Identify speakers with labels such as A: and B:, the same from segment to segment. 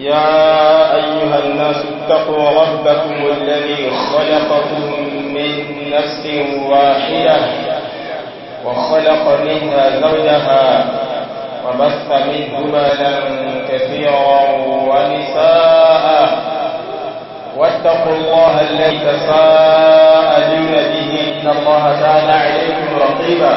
A: يا أيها الناس اتقوا ربكم الذي خلقكم من نفس واحدة وخلق منها زوجها وبث منهما لم كثيرا ونساء واتقوا الله الذي تساءلون به إن الله كان عليكم رقيبا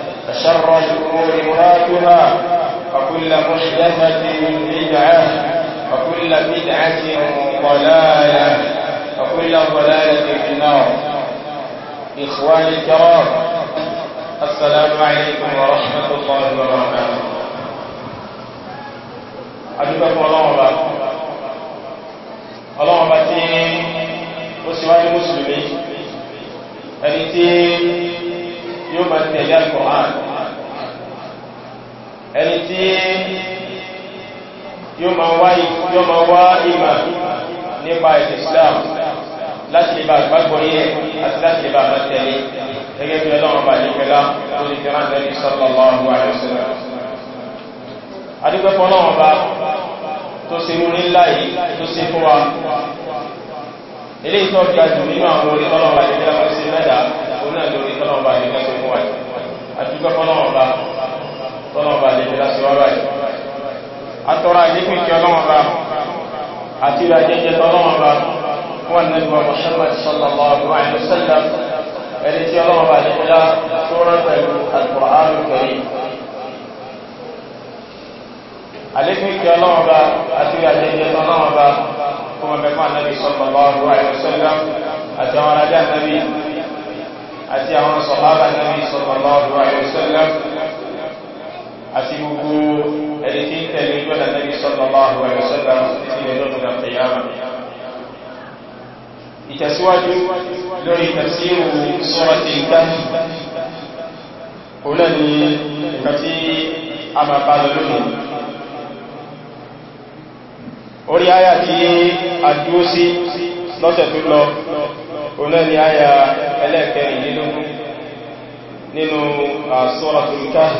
A: وشر الأمور مراتها وكل محدثة بدعة وكل بدعة ضلالة وكل ضلالة في النار إخواني الكرام السلام عليكم ورحمة الله وبركاته أدوكم الله وبركاته الله وبركاته وسواني yóò máa tẹ̀lé Al-Qur'an ẹni tí yóò máa wá ìmà nípa ẹ̀sẹ̀ Islam láti lè bá gbàgbọ́ yẹ àti láti lè bá máa tẹ̀lé gẹ́gẹ́ bí ọlọ́run bá nípẹ́lá tó lè fẹ́ràn lẹ́yìn sallallahu alaihi wasallam adúgbẹ́fọ́ ilé ìtọ́jú àjò nínú àwọn orí ọlọ́run bá nípẹ́lá òun náà lórí tọ́lọ́ọ̀bá àdéjọ́ sí fún wa àdúgbẹ́ fọ́lọ́ọ̀bá tọ́lọ́ọ̀bá àdéjọ́ láti wá báyìí
B: atọ́rọ àdékùn kí ọlọ́ọ̀bá àti ìrajẹ́jẹ́ tọ́lọ́ọ̀bá wọn nẹ́gbọ́ Muhammad
A: sallallahu alaihi wasallam ẹni tí ọlọ́ọ̀bá àdéjọ́ tó rán pẹ̀lú Al-Qur'an Karim àlékún ìkẹ́ ọlọ́run bá àti àjẹjẹ ọlọ́run bá fún ọmọ ẹ̀kọ́ ànábì sallallahu alaihi wasallam àti àwọn arájá ànábì àti àwọn sọ̀hábà Nabi sallallahu alaihi wasallam àti gbogbo ẹni tí ń tẹ̀lé ìjọ́dà Nabi sallallahu alaihi wasallam títí ẹjọ́ tó dàpẹ̀ yára ìtẹ̀síwájú lórí tafsiru suratul Kahf òun ni nǹkan tí a máa bá lọ lónìí orí àyà tí a dúó sí lọ́sẹ̀ tó lọ ọ̀nà ni àyà ẹlẹ́ẹ̀kẹrìnlélógún nínú Suratul Kahf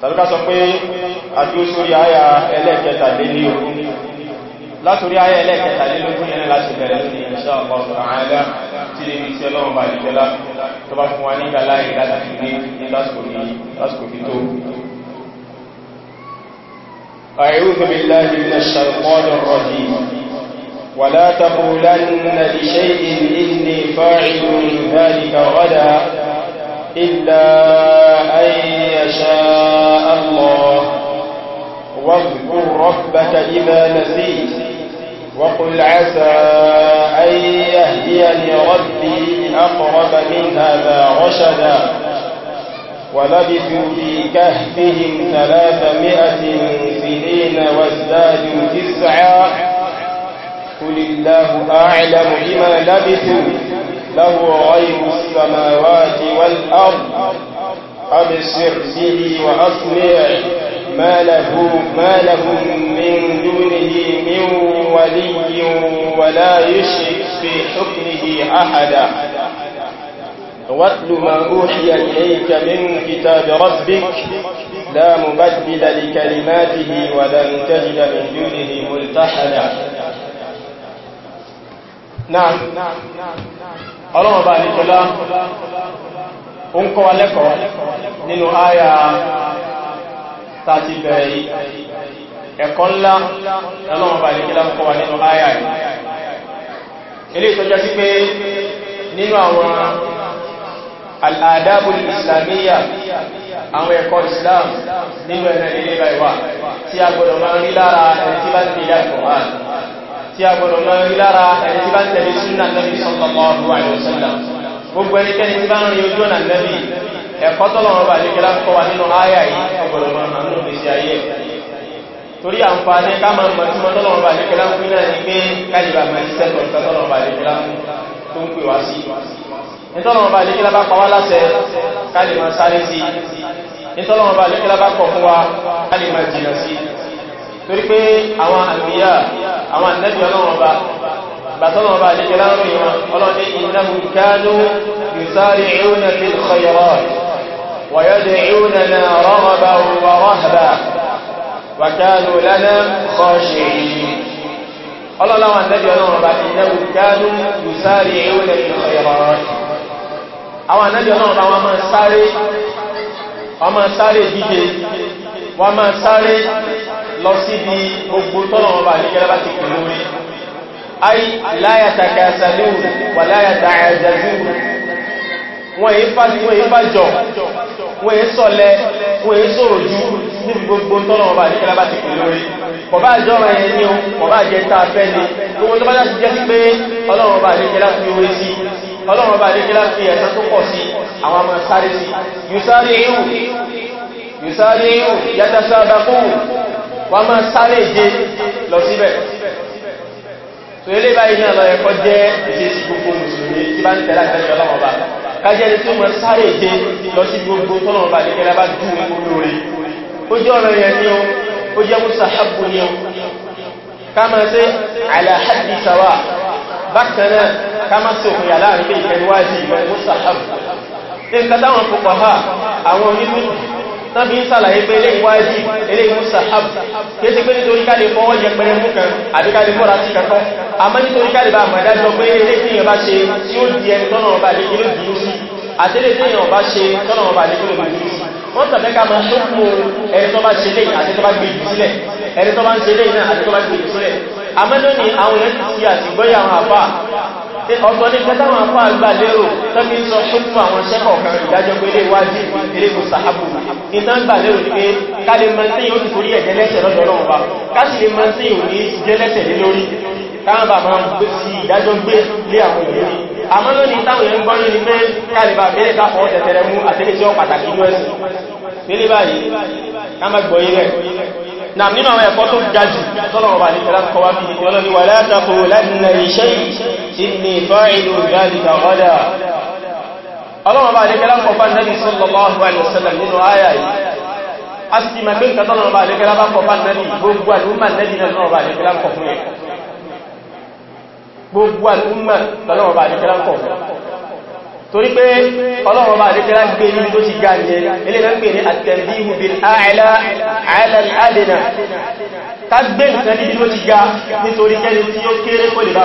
A: tàbíká sọ pé àdúró sórí àyà ẹlẹ́ẹ̀kẹtàlélógún látòrí àyà ẹlẹ́ẹ̀kẹtàlélógún yẹn láti bẹ̀rẹ̀ sí insha Allah ta'ala tí lè ní sí ọlọ́run bá ìjọlá tó bá fún wa nígbà láì láti fi ní lásìkò fi أعوذ بالله من الشيطان الرجيم ولا تقولن لشيء إني فاعل ذلك غدا إلا أن يشاء الله واذكر ربك إذا نسيت وقل عسى أن يهديني ربي أقرب من هذا رشدا ولبثوا في كهفهم ثلاثمائة سنين وازدادوا تسعا قل الله أعلم بما لبثوا له غيب السماوات والأرض أبصر به وأسمع ما له ما لهم من دونه من ولي ولا يشرك في حكمه أحدا واتل ما أوحي إليك من كتاب ربك لا مبدل لكلماته ولن تجد من دونه ملتحدا náà
B: ọlọ́wọ̀n bá ní kọlá
A: ó ń kọ́ wa lẹ́kọ̀ọ́ nínú àyà tàbí bẹ̀rẹ̀ yìí ẹ̀kọ́ ńlá ọlọ́wọ̀n bá ní kọlá ń kọ́ wa nínú àyà yìí ilé ìtọ́jọ́ sí pé nínú àwọn al'adábùn islamiyya àwọn ẹ̀kọ́ islam nínú ẹ̀rẹ̀ ilé báyìí wà tí a gbọ́dọ̀ máa rí lára ẹni tí tí a gbọdọ̀ máa rí lára ẹni tí bá ń tẹ̀lé súnà nẹ́bí sallallahu alaihi wasallam gbogbo ẹnikẹ́ni tí bá ń rí ojú ọ̀nà nẹ́bí ẹ̀kọ́ tọ́lọ̀rọ̀ bà ní kẹlá kọ́ wa nínú áyà yìí ọgbọ̀dọ̀ máa hàn nínú ìgbésí ayé torí àǹfààní ká máa mọ̀ tí tọ́lọ̀rọ̀ bà ní kẹlá ń pín náà ní pé káyìbà máa àwọn ànábì ọlọ́run ọba bàtọ́lọ̀ ọba àdíkẹ́ láàrin wọn ọlọ́ni innahum kanu yusari'una fil khayrat wa yad'unana raghaban wa rahban wa kanu lana khashi'in ọlọ́láwọn ànábì ọlọ́run ọba innahum kanu àwọn ànábì ọlọ́run wọn wọ́n máa sáré lọ síbi gbogbo tọ́nà ọba àdíkẹ́lá bá ti pè lórí ay láyàtàkà sàlúù wà láyàtàkà ẹ̀zẹ̀zú wọ́n èé fàájú wọ́n èé fàájọ wọ́n èé sọ̀lẹ̀ wọ́n èé sọ̀rọ̀ jù níbi gbogbo tọ́nà ọba àdíkẹ́lá bá ti pè lórí kọ̀bá àjọ ọmọ ẹ̀yẹ ní ohun kọ̀bá àjẹ tá a fẹ́ ni gbogbo tó bá láti jẹ́ sí pé ọlọ́run ọba àdíkẹ́lá fi orí sí ọlọ́run ọba àdíkẹ́lá fi ẹ̀sán tó pọ̀ sí àwọn ọmọ sáré sí yusari ihu ìsáàlẹ́yìn yàtàṣà àdàkùn wọ́n máa sáré ìje lọ síbẹ̀ tó ilé báyìí náà lọ́yẹ kọ́ jẹ́ ìṣesí gbogbo mùsùlùmí tí bá ń tẹ̀lé àtẹ́lẹ̀ ọlọ́wọ́ bá kájẹ́ ni tí ó mọ̀ sáré ìje lọ sí gbogbo tọ́lọ́wọ́ bá nìkẹ́lá bá dùn gbogbo rẹ̀ ó jẹ́ ọ̀rọ̀ yẹn ni ó àwọn ni tán fi ń sàlàyé pé ilé ìwájú ilé ìmúsàhab kí é sí pé nítorí káàlè fọwọ́ yẹ pẹ̀lẹ̀ mú kan àbí káàlè fọ́ra sí kankan a mọ́ nítorí káàlè bá àmàdájọ pé ilé tí èèyàn bá ṣe tí ó di ẹni tọ́nà ọba lè kí ló dìí sí àtẹ́lẹ̀ tí èèyàn bá ṣe tọ́nà ọba lè kí ló dìí sí wọ́n tàbí ká máa tó kú ẹni tó bá ṣe lè àti tó bá gbé jù sílẹ̀ ẹni tó bá ń ṣe lè náà àti tó bá gbé jù sílẹ̀ àmẹ́lónì àwọn ẹni tí a ọ̀tọ̀ ní kẹtàwọn afọ́ àgbà lérò tọ́bí sọ ṣúkú àwọn ṣẹ́kọ̀ kan ìdájọ́ pé lè wájú ìrẹ́kù sàábù ìtàǹgbà lérò ní pé ká lè mọ́ sí ìhùn torí ẹ̀jẹ́lẹ́sẹ̀ lọ́dọ̀ náà wá ká sì lè mọ́ sí ìhùn ní jẹ́lẹ́sẹ̀ lé lórí káwọn bàbá gbé sí ìdájọ́ gbé lé àwọn ìlú àmọ́ lónìí táwọn èèyàn gbọ́nú ni pé káàlìbà bèèrè káfọ́ tẹ̀tẹ̀rẹ mú àtẹ́lẹ̀ tí ó pàtàkì ní ẹ̀sìn nílé báyìí ká má gbọ́ ilẹ̀ náà nínú àwọn ẹ̀kọ́ tó jájù tọ́lọ̀wọ̀ bà ní ẹ̀lá inni fa'ilu dhalika ghada ọlọ́wọ́ bá lékẹ́lá ń kọfà nẹ́bí sallallahu alaihi wasallam nínú ayà yìí a sì ma pé nǹkan tọ́lọ́wọ́ bá lékẹ́lá bá kọfà nẹ́bí gbogbo alúmà nẹ́bí tọ́lọ́wọ́ bá lékẹ́lá ń kọfún yẹn gbogbo alúmà tọ́lọ́wọ́ bá lékẹ́lá ń kọfún
B: torí pé ọlọ́wọ́ bá
A: lékẹ́lá gbé ní tó ti ga yẹn ilé náà pè ní at-tanbihu bil-a'la ti ga nítorí kẹ́ni tí ó kéré kó lè bá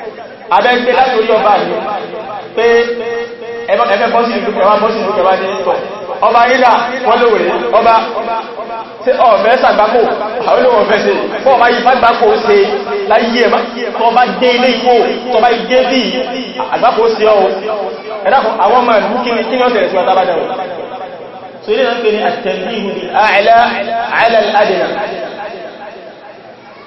A: abẹ́gbé láti orí ọba yìí pé ẹgbẹ́ bọ́sí ìlú kẹwàá bọ́sí ìlú kẹwàá ní ìtọ̀ ọba ilá wọ́n ló wèrè ọba tí ọ̀fẹ́ sàgbákò àwọn olóòwò fẹ́ sí fọ́ ọba yìí fàgbákò ṣe láyé ẹ̀má tọ́ bá dé ilé ìwò tọ́ bá dé bí àgbákò sí ọ́ ẹ̀dàkùn àwọn ọmọ ìlú kí ni kí ni ọ̀sẹ̀ ìsúná tábàdà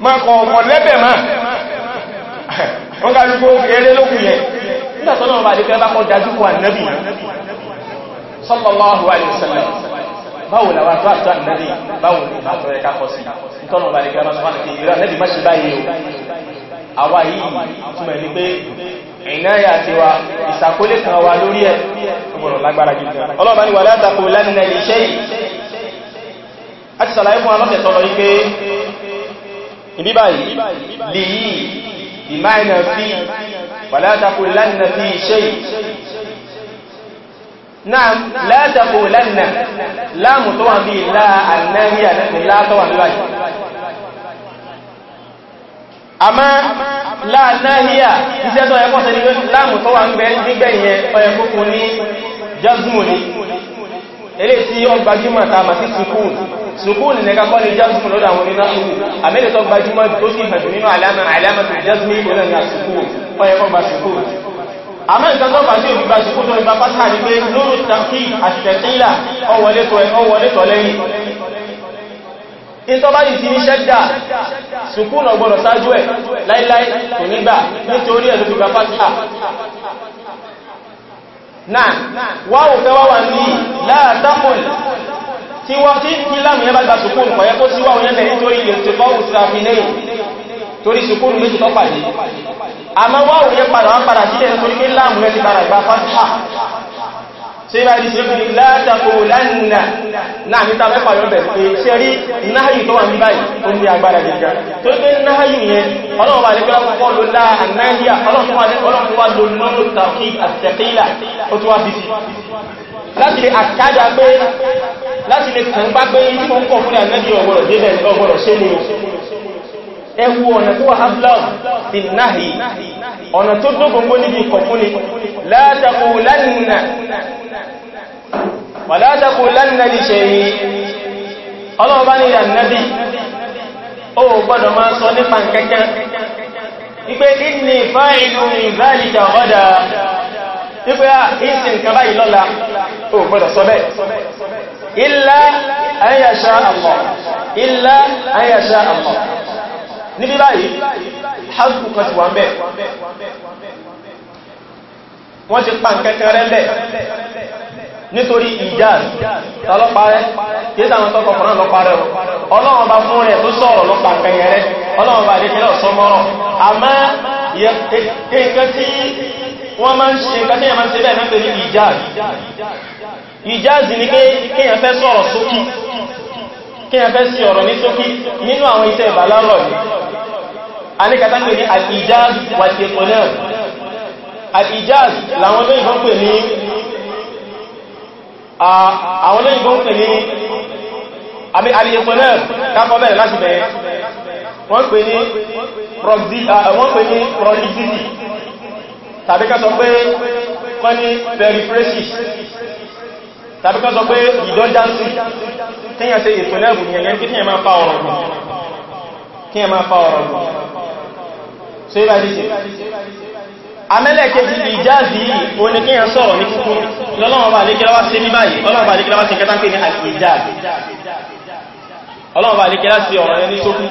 A: ma kọ̀ ọ̀kọ̀ lẹ́bẹ̀ máa wọ́n ká lúgbó eré lókù yẹn nítàtọ́nà ọba àdíkẹ́ bá kọ́ dájúkọ ànábì sallallahu alaihi wasallam báwo la wá tó àtọ́ ànábì báwo ni bá tọ́ ẹ̀ká kọ́ sí nítọ́nà ọba àdíkẹ́ bá sọ fánà kìí rẹ̀ ànábì má ṣe báyìí o àwa yìí túnmọ̀ ní pé ìnáyà àti sàlàyé fún alọ́tẹ̀ tọ́lọ yí
B: ibi báyìí lè yìí
A: ìmáìnà fi pàlátàkù lánà fi ṣe náà látàkù lánà láàmù tó wà bí láàrín látọ́wà níwáyìí àmá láàrín iṣẹ́ tó ẹkọ́ ilé tí ó gbajúmọ̀ tàbà sí sukun sukun ní ẹgbà kọ́lẹ̀ jazmù lọ́dọ̀ àwọn onínà ìwò àmẹ́lẹ̀ tó gbajúmọ̀ tó sì hàn nínú alámàtà jazmù ìpínlẹ̀ ní sukun ọyẹ́kọ́ gba sukun àmọ́ ìkan tó bá sí òbí bá sukun tó ìbá pátá ní pé lóòrùn tàkì àṣẹ̀tílà ọwọ́lé tọ́ lẹ́yìn ìtọ́ bá yìí ti sukun ọgbọ̀nà sáájú ẹ̀ láíláí kò nígbà nítorí ẹ̀ tó
B: fi
A: náà wáwò fẹ́ wáwà ní láàtàkùn tí wọ́n tí kí láàmù yẹn bá gba sùkúrù kọ̀ yẹ kó sí wáwò yẹn bẹ̀rẹ̀ nítorí ilẹ̀ òṣèfọ́wò sàfinẹ́yìn torí sùkúrù méjì tọ́pàdé àmọ́ wáwò yẹn padà wá padà sílẹ̀ nítorí pé láàmù yẹn ti padà gba fásitì
B: tí bá di ṣe kú látàkù lánìá náà ní tàbí pàyọ̀ bẹ̀ pé ṣe rí
A: náàyù tó wà ní báyìí ó ní agbára gẹ̀gẹ̀ tó pé náàyù yẹn ọlọ́wà ní pẹ́ pọ́ ló láà náàyà ọlọ́wà ló lọ́rọ̀ tàkí àtẹ̀kílà ó tó wá bí sí láti lè àkájá pé láti lè kàn bá pé ní fún kọ̀ fún àmẹ́bí ọgbọ̀rọ̀ débẹ̀ ọgbọ̀rọ̀ ṣe ni ẹwu ọ̀nà tó wà ábúláwù ti náàyì ọ̀nà tó dógóngó níbi ìkọ̀ fún ni لا تقولن
B: ولا تقولن لشيء ọlọ́run bá ní ìyànnẹ́bí ó gbọ́dọ̀ máa sọ nípa kẹ́kẹ́ wípé
A: inni fa'ilun dhalika ghadan wípé à ah, ìsì nǹkan báyìí lọ́la ó gbọ́dọ̀ sọ bẹ́ẹ̀
C: illa an yasha Allah
A: illa an yasha Allah níbi báyìí hasbù kan ti wà mẹ́ wọ́n ti pa nkẹ́kẹ́ rẹ́lẹ̀ nítorí ìjáàz tọ́lọ́pàá kìí sàwọn tọ́kọ̀ fọ́nà lọ́pàá rẹ̀ ọlọ́run bá fún rẹ̀ tó sọ̀rọ̀ lọ́pàá nkẹ́kẹ́ rẹ̀ ọlọ́run bá dékẹ́lẹ̀ ọ̀sọ́mọ́rọ̀ àmá kẹ́kẹ́ tí wọ́n máa ń ṣe nǹkan tí yẹn máa ń ṣe bẹ́ẹ̀ náà pẹ̀lú ìjáàz
B: ìjáàz ni kéèyàn fẹ́ sọ̀rọ̀ sókí
A: kéèyàn fẹ́ sí ọ̀rọ̀ ní sókí nínú àwọn iṣẹ́ ìbálárọ̀ ni
B: a ní kàtàkì ní al-ìjáàz wal-ìqnāʿ
A: al-ijaz làwọn lẹ́yìn kan pè ní àwọn lẹ́yìn kan pè ní
C: àmì al-iqnab
B: kápọ̀ bẹ̀rẹ̀ láti bẹ̀rẹ̀ wọ́n pè ní prolixity
A: tàbí ká sọ pé wọ́n ní periphrasis
B: tàbí ká sọ pé redundancy kíyàn ṣe ìpínlẹ̀ ìbùn yẹn kí kíyàn máa fa ọ̀rọ̀ gùn
A: kíyàn máa fa ọ̀rọ̀ gùn ṣe ìbáyé ṣe amẹ́lẹ̀kejì ìjáàzì yìí o ní kíyàn sọ̀rọ̀ ní kúkú lọ́lọ́wọ́ bá lékẹ́lá wá sí ní báyìí ọlọ́wọ́ bá lékẹ́lá wá sí kẹta ń pè ní àìjáàzì ọlọ́wọ́ bá lékẹ́lá sí ọ̀rọ̀ ẹni tó kú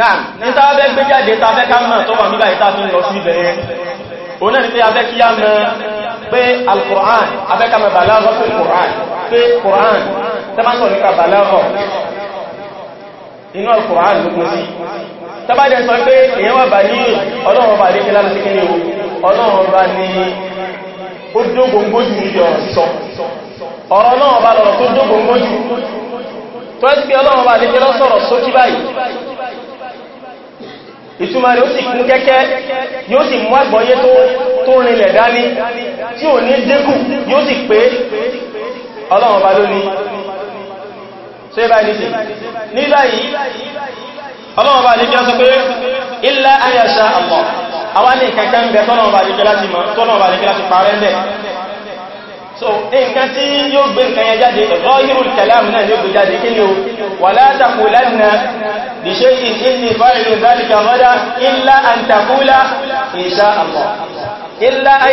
A: náà ní tàbẹ́ gbé jáde tàbẹ́ ká mọ̀ tó wà nígbà ìta fi ń lọ sí ibẹ̀rẹ̀ o náà ni pé abẹ́ kí á mọ̀ pé al-Qur'an abẹ́ ká mọ̀ bàlárọ̀ pé Qur'an pé Qur'an tẹ́másọ̀ nípa bàlárọ̀ inú al-Qur'an ló tàbádẹ sọ pé èyàn wà bà ní ọlọ́run bà ní kí láti kí ní o ọlọ́run bà ní ó dógóngó jù ní ọ̀rọ̀ sísọ ọ̀rọ̀ náà bà lọ́rọ̀ tó dógóngó jù
B: tó ẹ́sì pé ọlọ́run bà ní kí lọ sọ̀rọ̀ sókí báyìí
A: ìtumà rẹ̀ sì kún kẹ́kẹ́ yóò sì mú àgbọ́yé tó rinlẹ̀ dání tí ò ní dínkù yóò sì pé ọlọ́run bà lóní ṣe báyìí ní báyìí ọlọ́run bá lè kí lọ́sọ pé illa an yasha Allah àwọn ní ìkẹ́kẹ́ ń bẹ tọ́lọ́run bá lè kí láti mọ̀ tọ́lọ́run bá lè kí láti parẹ́ ń bẹ̀ so nǹkan tí yóò gbé illa an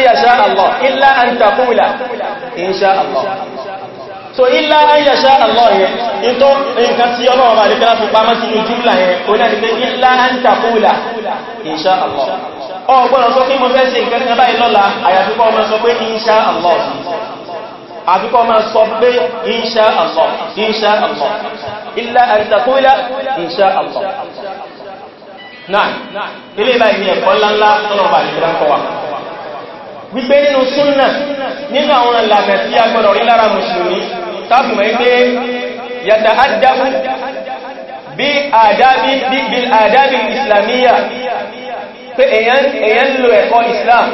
A: yasha Allah illa an taqula insha Allah so illa an yasha Allah yẹn ìtọ́ nǹkan tí ọlọ́wọ́ bá lẹ́kẹ́lá fi pamọ́ sínú jùmlà yẹn o náà ni pé illa an taqula insha Allah ọgbọ́nà sọ pé mo fẹ́ ṣe nǹkan kan báyìí lọ́la àyàfikọ́ ọmọ sọ pé insha Allah àfikọ́ ọmọ sọ wípé nínú súnnà nínú àwọn ìlànà tí a gbọ́dọ̀ rí lára mùsùlùmí tábùmọ̀ ipé yàtà àdábù bí àdábí bí àdábí islamiyya
B: pé èyàn lò ẹ̀kọ́ islam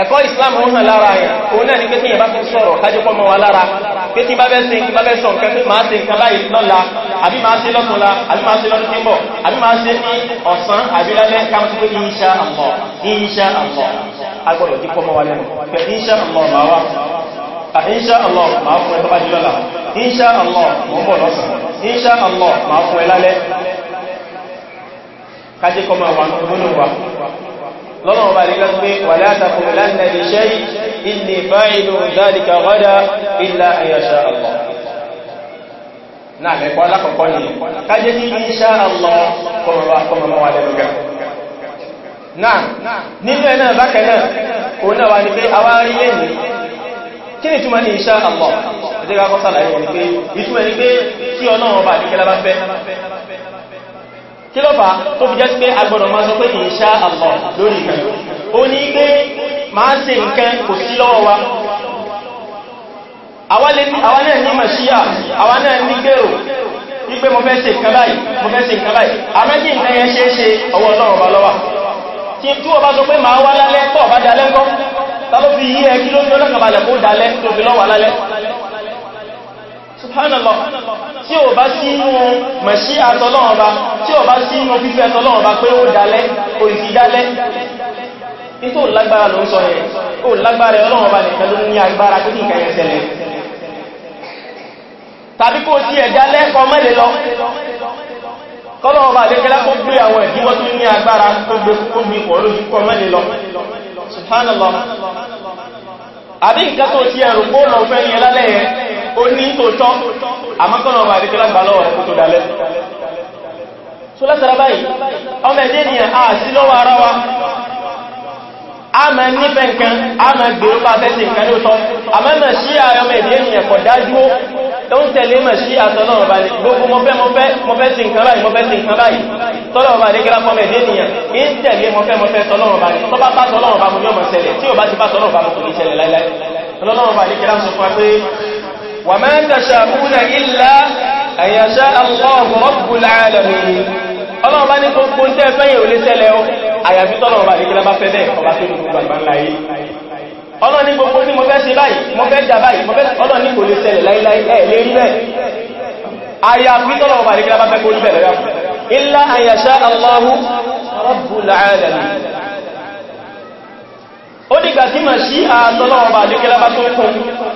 A: ẹ̀kọ́ islam ń hàn lára yẹn òun náà ní pé pé tí bá bẹ́ sí nǹkan bá bẹ́ sọ nǹkan máa ṣe nǹkan báyìí lọ́la àbí máa ṣe lọ́túnla àbí máa ṣe lọ́dún tí ń bọ̀ àbí máa ṣe ní ọ̀sán àbí lálẹ́ káwọn ti pé insha Allah insha Allah agbọ́dọ̀ tí kọ́ mọ́ wa lẹ́nu pé insha Allah máa wà insha wa lọ́lọ́wọ́ bá nílá pé wà látàkù lánà lè ṣe ilé fáìlú dáríkà rọ́dá ilá ayàṣà Allah náà mẹ́kọ́ alákọ̀ọ́kọ́ ni kájẹ́ ní inṣá Allah kọmọmọwà lẹ́nuga náà nínú ẹ̀nà bákanáà kò náà kí ló fà tó fi jẹ́ sí pé agbọ́dọ̀ máa sọ pé insha Allah lórí ìgbẹ̀ ó ní pé máa ṣe nǹkan kò sí lọ́wọ́ wa àwa náà ní màṣíyà àwa náà ní gbèrò wípé mo fẹ́ ṣe nǹkan báyìí mo fẹ́ ṣe nǹkan báyìí o bá sọ pé máa wá lálẹ́ pọ̀ bá dalẹ́ ńkọ́ ta ló fi yí subhanallah tí ó bá sí inú mẹ̀ṣí àtọ́lọ́wọ́ bá tí ó bá sí inú fífẹ́ àtọ́lọ́wọ́ bá pé ó dalẹ́ òìsì dalẹ́ ní tó lágbára ló ń sọ yẹn ó lágbára ọlọ́wọ́ bá nìkan ló ní agbára tó nìkan yẹn ṣẹlẹ̀ tàbí kó tí ẹ̀ dalẹ́ kọ mẹ́lẹ̀ lọ
B: kọ́lọ́wọ́ bá lẹ́kẹ́lá kó gbé àwọn ìdíwọ́ tó ní
A: agbára kó gbé kó gbé kọ̀ lójú kọ mẹ́lẹ̀ lọ subhanallah àbí nǹkan tó ti ẹ̀rù kó lọ fẹ́ ní ẹlálẹ́ yẹn ó ní tòótọ́ àmọ́kànlọ́ ọba àdíkẹ́lá gbà lọ́wọ́ rẹ̀ kó tó dalẹ́ so látara báyìí ọmọ ẹ̀dẹ́ ni a sí lọ́wọ́ ara wa a ma nífẹ́ nǹkan a ma gbèrò bá fẹ́ sí nǹkan ní òtọ́ àmọ́ mẹ́ sí ààrẹ ọmọ ẹ̀dẹ́ ni ẹ̀kọ̀ dájú ó tó ń tẹ̀lé mẹ́ sí àtọ́lọ́wọ́ bá ní gbogbo mọ́fẹ́ mọ́fẹ́ sí nǹkan báyìí mọ́fẹ́ sí nǹkan báyìí tọ́lọ́wọ́ bá ní kíra fọ́mọ̀ ẹ̀dẹ́ ni ẹ̀ ń tẹ̀lé mọ́fẹ́ mọ́fẹ́ tọ́lọ́wọ́ bá ní tọ́ bá bá tọ́lọ́wọ́ bá mú ní ọmọ ṣẹlẹ̀ tí ò bá ti bá tọ́lọ́wọ́ bá mú وما تشاءون إِلَّا أن يشاء الله رب العالمين ọlọ́run bá ní gbogbo ń tẹ́ fẹ́yìn olè tẹ́lẹ̀ ó àyàfi tọ́lọ̀run bá ìgbìlá bá fẹ́ bẹ́ẹ̀ ọba tó ní gbogbo àgbà ọlọ́run ní gbogbo tí mo fẹ́ ó dìgbà tí ma ṣí àtọ́lọ́ọ̀bà àdíkẹ́lábá tó kún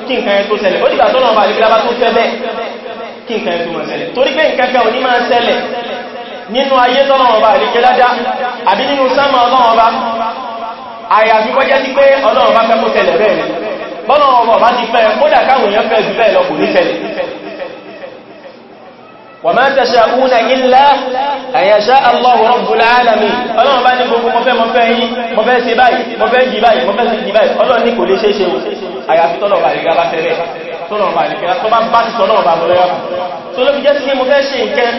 A: kí nǹkan ẹ̀ tó ṣẹlẹ̀ ó dìgbà tọ́lọ́ọ̀bà àdíkẹ́lábá tó fẹ́ bẹ́ kí nǹkan ẹ̀ tó máa ṣẹlẹ̀ torí pé nǹkan kan ò ní máa ṣẹlẹ̀ nínú ayé tọ́lọ́ọ̀bà àdíkẹ́lájá àbí nínú sámà ọlọ́ọ̀bá àyàfi kọjá sí pé ọlọ́ọ̀bá fẹ́ kó ṣẹlẹ̀ bẹ́ẹ̀ ni bọ́lọ́ọ̀bà bá ti fẹ́ kódà káwọn èèyàn fẹ́ jù bẹ́ẹ̀ lọ kò ní ṣẹlẹ̀ وما تشاءون إلا أن يشاء الله رب العالمين ọlọ́run bá ní gbogbo mọ́fẹ́ mọ́fẹ́ yí mọ́fẹ́ sí báyìí mọ́fẹ́ jì báyìí mọ́fẹ́ sí jì báyìí ọlọ́run ní kò lè ṣeéṣe àyàfi tọ́lọ̀bà ìgbà bá tẹ́lẹ̀ tọ́lọ̀bà ìgbà tó bá bá ti tọ́lọ̀bà lọ́yọ́ tó ló fi jẹ́ sí mọ́fẹ́ ṣe nǹkan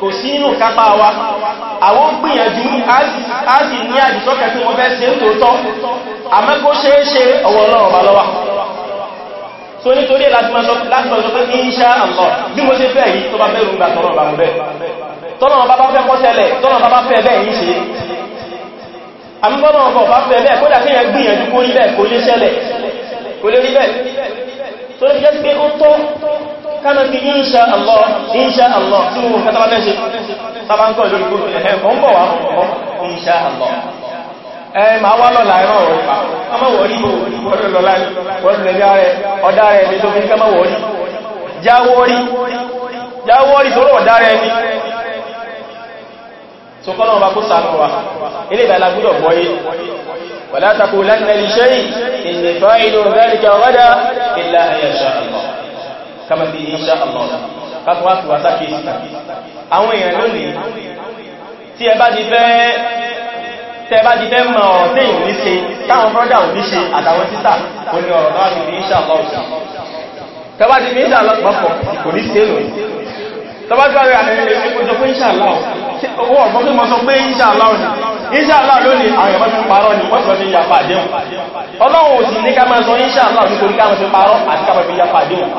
A: kò sí inú kápá wa àwọn gbìyànjú á sì ní àdìsọ́kẹ́ tí mọ́fẹ́ ṣe ń tòótọ́ àmẹ́kó ṣeéṣe ọwọ́ ọlọ́run bá lọ́wà so nítorí láti máa sọ pé insha Allah bí mo ṣe fẹ́ yìí tó bá bẹ́rù gbà tọ́rọ bá mú bẹ́ tọ́nà bá bá fẹ́ kọ́tẹ́lẹ̀ tọ́nà bá bá fẹ́ bẹ́ẹ̀ yìí ṣe àmúgbọ́nà ọkọ̀ bá fẹ́ bẹ́ẹ̀ kódà kí yẹn gbìyànjú kó rí bẹ́ẹ̀ kó lé ṣẹlẹ̀ kó lé rí bẹ́ẹ̀ tó lè jẹ́ pé ó tọ́ kánà ti insha Allah insha Allah tí mo kẹta bá fẹ́ ṣe ẹ máa wá lọ́la ẹ̀rọ ọ̀wọ̀rí jáwọ́rí tó rọ̀ dára ẹni
B: tó kọ́nà ọba kó sàánà wa ilé ìdàlá gúdọ̀ bọ́yé
A: wàlá takò lánàá iṣẹ́ ìnìfà ìlú rẹ̀ríkà wádá ilá ẹ̀ṣà àmọ́ àmọ́ tẹba ti fẹ́ mọ̀ ọ̀tẹ́ ìwò ní ṣe táwọn brọ́dà ò ní ṣe àtàwọn títà ó ní ọ̀rọ̀ náà ti fi ń ṣàlọ́ òṣì
B: tẹba ti fi ń ṣàlọ́ pọ̀pọ̀ kò ní ṣe lòí tọba tí wà rí àmì ilé ìpò tó pé ń ṣàlọ́ owó ọ̀gbọ́n tó mọ́ sọ pé ń
A: ṣàlọ́ ni ń ṣàlọ́ lónìí àwọn ẹ̀mọ́ ti parọ́ ni wọ́n sọ fi yapa àdéhùn ọlọ́run ò sì ní ká máa sọ ń ṣàlọ́ nítorí ká máa fi parọ́ àti ká máa fi yapa àdéhùn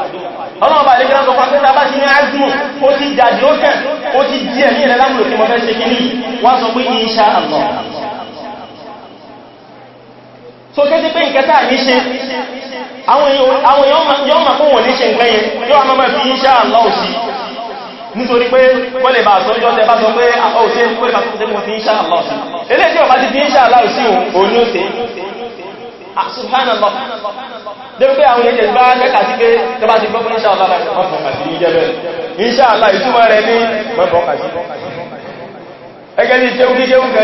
A: ọlọ́run bá lẹ́gbẹ́ lọ́sọ̀kọ́ pé tàbá ti ní azimu ó ti jàdì ó kẹ́ ó ti díẹ̀ ní ẹ̀lẹ́lámùlò tí mo fẹ́ ṣe kí ní wọ́n sọ pé insha Allah so kẹ́ sí pé ìkẹta ní
B: ṣe àwọn èèyàn yọ́ ma kó wọ́n ní ṣe nǹkan yẹn yóò a mọ́mọ́ fi insha Allah sí
A: nítorí pé wọ́lẹ̀ bá sọ ìjọ́sẹ̀ bá sọ pé àpọ̀ òsè wọ́lẹ̀ bá sọ fi insha Allah sí ilé tí ọba Allah sí òní ó tẹ́ ah, subhanallah débi pé àwọn èèyàn bá kẹ́kà sí pé tó bá Allah láti ọkọ̀ kàtí ní jẹ́bẹ̀ Allah ìtumọ̀ rẹ̀ ní mọ́bọ̀ kàtí ẹgẹ́ ní jẹun kí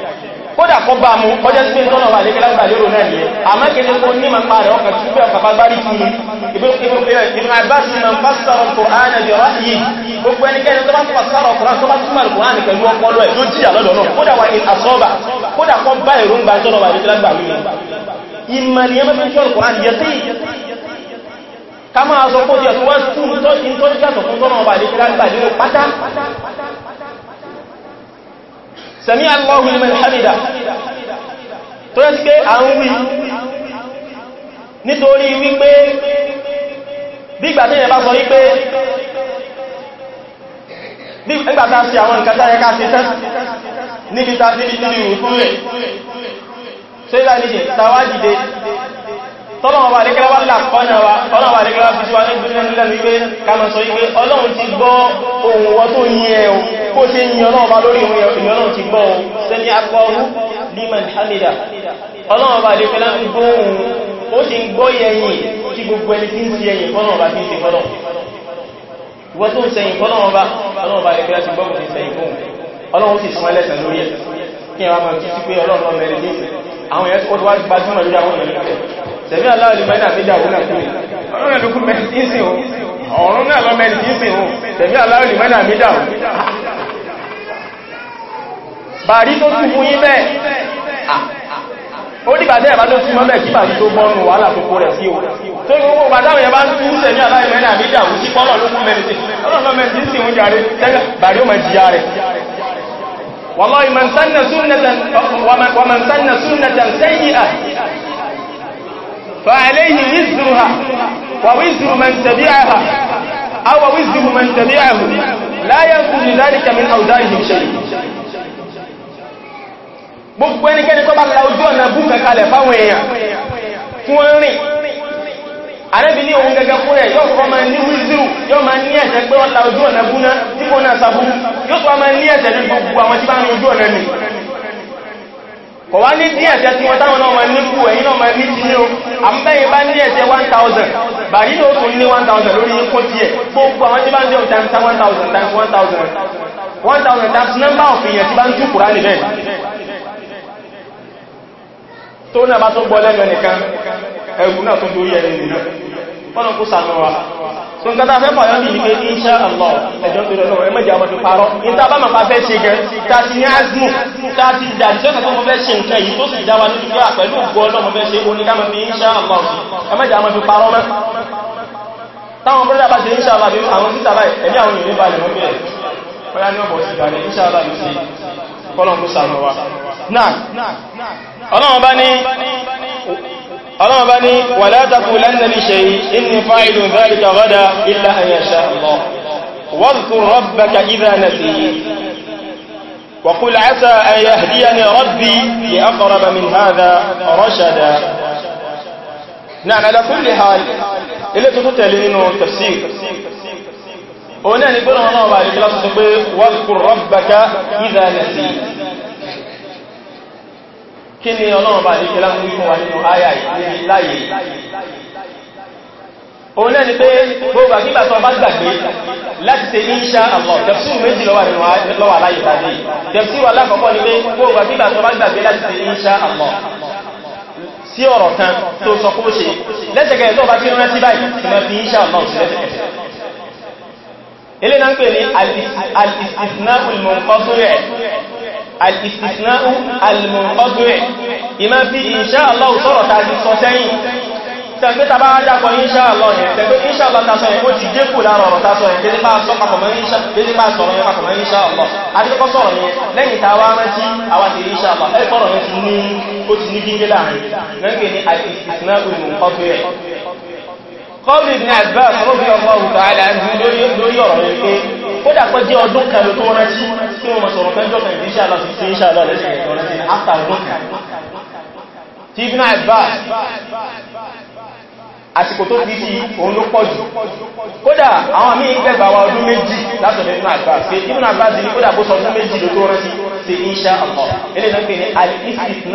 A: kódà kọ bá mú ọjọ́ sí pé tọ́nà wà lé kẹ́lágbà lérò náà nìyẹn àmọ́ kẹ́lẹ́ kó ní màá rẹ̀ ọkàn tí bẹ́ẹ̀ kàfà bá rí tú ní Ibn Abbas ní màá fásitọ̀rọ̀ Kùránì jọ ráyìí gbogbo ẹnikẹ́ni tó bá tó fásitọ̀rọ̀ Kùránì tó bá túmọ̀ Kùránì pẹ̀lú ọpọlọ ẹ̀ ló jìyà lọ́dọ̀ náà kódà wà ní àsọ́ọ̀bà kódà kọ bá èròǹgbà tọ́nà wà lé kẹ́lágbà lérò ìmọ̀ ni ẹgbẹ́ fi ṣọ́rọ̀ Kùránì yẹ sí ká máa sẹ̀mí Allahu liman hamida tó yẹ́ sí pé a ń wí nítorí wípé
C: bígbà tí ìyẹ̀bá sọ wípé nígbàtà
B: sí àwọn nǹkan tẹ́rẹ
A: tọ́lọ́wọ́ bá lékẹ́lá wá lápọ́nà wa ọlọ́wọ́ bá lékẹ́lá fi síwá ní gbígbẹ́ lẹ́nu wípé kàmọ̀ sọ wípé ọlọ́run ti gbọ́ ohun wọ́n tó yí ẹ̀ o kó ṣe yí ọlọ́run bá lórí ìyọlọ́run ti gbọ́ o sẹ́ni akọrú liman hamida ọlọ́run bá lékẹ́lá ń gbọ́ ohun ó sì ń gbọ́ yẹ̀yìn tí gbogbo ẹni tí ń ti ẹ̀yìn fọ́nà ọba tí ń ti fọ́nà ìwọ́n tó ń sẹ́yìn fọ́nà ọba ọlọ́run bá lékẹ́lá ti gbọ́ kò sí sẹ́yìn fóun ọlọ́run sì sún kí ẹ wá máa kí sí pé ọlọ́run lọ́mọ ẹni ní àwọn ẹ̀yẹ́ tẹ̀mí aláwọ̀ lè mẹ́rin àmì ìdàwó náà kúrò ọ̀rọ̀ náà lókún mẹ́rin tí ń sìn ohun ọ̀rọ̀ náà lọ mẹ́rin tí ń sìn ohun tẹ̀mí aláwọ̀ lè mẹ́rin àmì ìdàwó
B: bàrí tó tún fún yí bẹ́ẹ̀
A: ó nígbà tẹ́ẹ̀ bá tó tún mọ́ bẹ́ẹ̀ kí bàrí tó bọ́nu wàhálà tó kó rẹ̀ sí o tó gbogbo àtàwọn ẹ̀bá tún tẹ̀mí aláwọ̀ mẹ́rin àmì والله من سن سنة ومن سن سنة سيئة فعليه وزرها ووزر من تبعها أو وزر من تبعه لا ينقض ذلك من أوزارهم شيء gbogbo ẹnikẹ́ni kọ́ bá la ojú ọ̀nà bú kẹkàlẹ̀ fáwọn èèyàn fún rìn arẹ́bì ní òun gẹ́gẹ́ fún rẹ̀ yóò kọ́ ma ní wíziru yóò ma ní ẹ̀ṣẹ̀ pé wọ́n la ojú ọ̀nà bú náà tí kò náà sábú yóò kọ́ ma ní ẹ̀ṣẹ̀ ní gbogbo àwọn tí bá ní ojú ọ̀nà kọ̀ wá ní díẹ̀ tẹ́ tí wọ́n táwọn náà ma níkú ẹ̀yìn náà ma rí ti ní o àmúbẹ́yìn bá ní ẹ̀ṣẹ́ 1000 bàrí ní ó tún ní 1000 lórí ní kún díẹ̀ gbogbo àwọn tí bá ń jẹun times 1000 times 1000 1000 number of èèyàn tí bá ń tú kùrá ní bẹ́ẹ̀ tó náà bá tún gbọ́ lẹ́nu ẹnìkan ẹ̀rù náà tún torí ẹni so n kata fẹ́ fọ̀yọ́ bí i pé insha Allah ẹjọ́ tó lọ́wọ́ ẹmẹ́jà ọmọdé parọ́ níta bá máa fẹ́ ṣe gẹn tàti ní azmù tàti ìdàdíṣẹ́ tó mọ́ fẹ́ ṣe nǹkan yìí tó sì dáwà ní ìgbà pẹ̀lú ògbọ́ ọlọ́mọ fẹ́ ṣe oníkámọ́ fi insha Allah ẹmẹ́jà ọmọdé parọ́ mẹ́
B: táwọn bọ́lá bá ṣe Allah bí àwọn títà báyìí ẹ̀mí àwọn ènìyàn bá lè wọ́n bẹ̀rẹ̀ bọ́lá ní ọ̀bọ̀ sí ìgbàlẹ̀ insha Allah ló ṣe
A: kọ́lọ̀ mú sàmọ́wà náà ọlọ́run bá ní wà látàkù lẹ́nàlì ṣe inú fa'ilun zalika gada illa an yasha Allah wadhkur rabbaka idha nasiyi wa qul asa an yahdiyani rabbi li aqraba min hadha rashada na'am ala kulli hal ilé tuntun tẹ̀lé nínú tafsir òun náà ni gbọ́nà wọn náà wà ní kílásù pé wadhkur rabbaka idha nasiyi kí ni ọlọ́run bá díkẹ́ láti fún wa nínú àyà yìí láyé òun náà ni pé gbogbo àgbígbà tó bá gbàgbé láti ṣe insha Allah tafsir méjì lọ́wà nínú lọ́wà láyé tàbí tafsir alákọ̀ọ́kọ́ ni pé gbogbo àgbígbà tó bá gbàgbé láti ṣe insha Allah sí ọ̀rọ̀ kan tó sọ kó ṣe lẹ́sẹ̀kẹ́ tó bá tí ó rántí báyìí fi insha Allah sí lẹ́sẹ̀kẹ́ ilé náà ń pè al-istisna'u al-munqati' ìmá fi inṣáàlá sọ̀rọ̀ ta ti sọ sẹ́yìn tẹ̀gbé tàbá dápọ̀ inṣáàlá yẹn tẹ̀gbé inṣáàlá ta sọ yẹn ó ti dé kù lára ọ̀rọ̀ ta sọ yẹn kéde máa sọ papọ̀ mọ́ inṣáàlá adékọ́ sọ̀rọ̀ yẹn lẹ́yìn tàwa rántí àwọn àti inṣáàlá ẹ̀ sọ̀rọ̀ yẹn ti ní ó ti ní gíngé láàrin lẹ́gbẹ̀ẹ́ ni al الله تعالى عنه دوري دوري kódà pé jẹ́ ọdún kan ló tó rántí pé wọ́n sọ̀rọ̀ fẹ́ jọ́kàn ìdí ìṣàlọ́ sí sí ìṣàlọ́ after ọdún kan tí ibi náà bá àsìkò tó fi sí òun ló pọ̀jù kódà àwọn míì gbẹ̀gbà wa ọdún méjì látọ̀dẹ̀ ibi náà bá pé ibi náà bá di kódà bó sọ ọdún méjì ló tó rántí sí ìṣà ọ̀pọ̀ eléyìí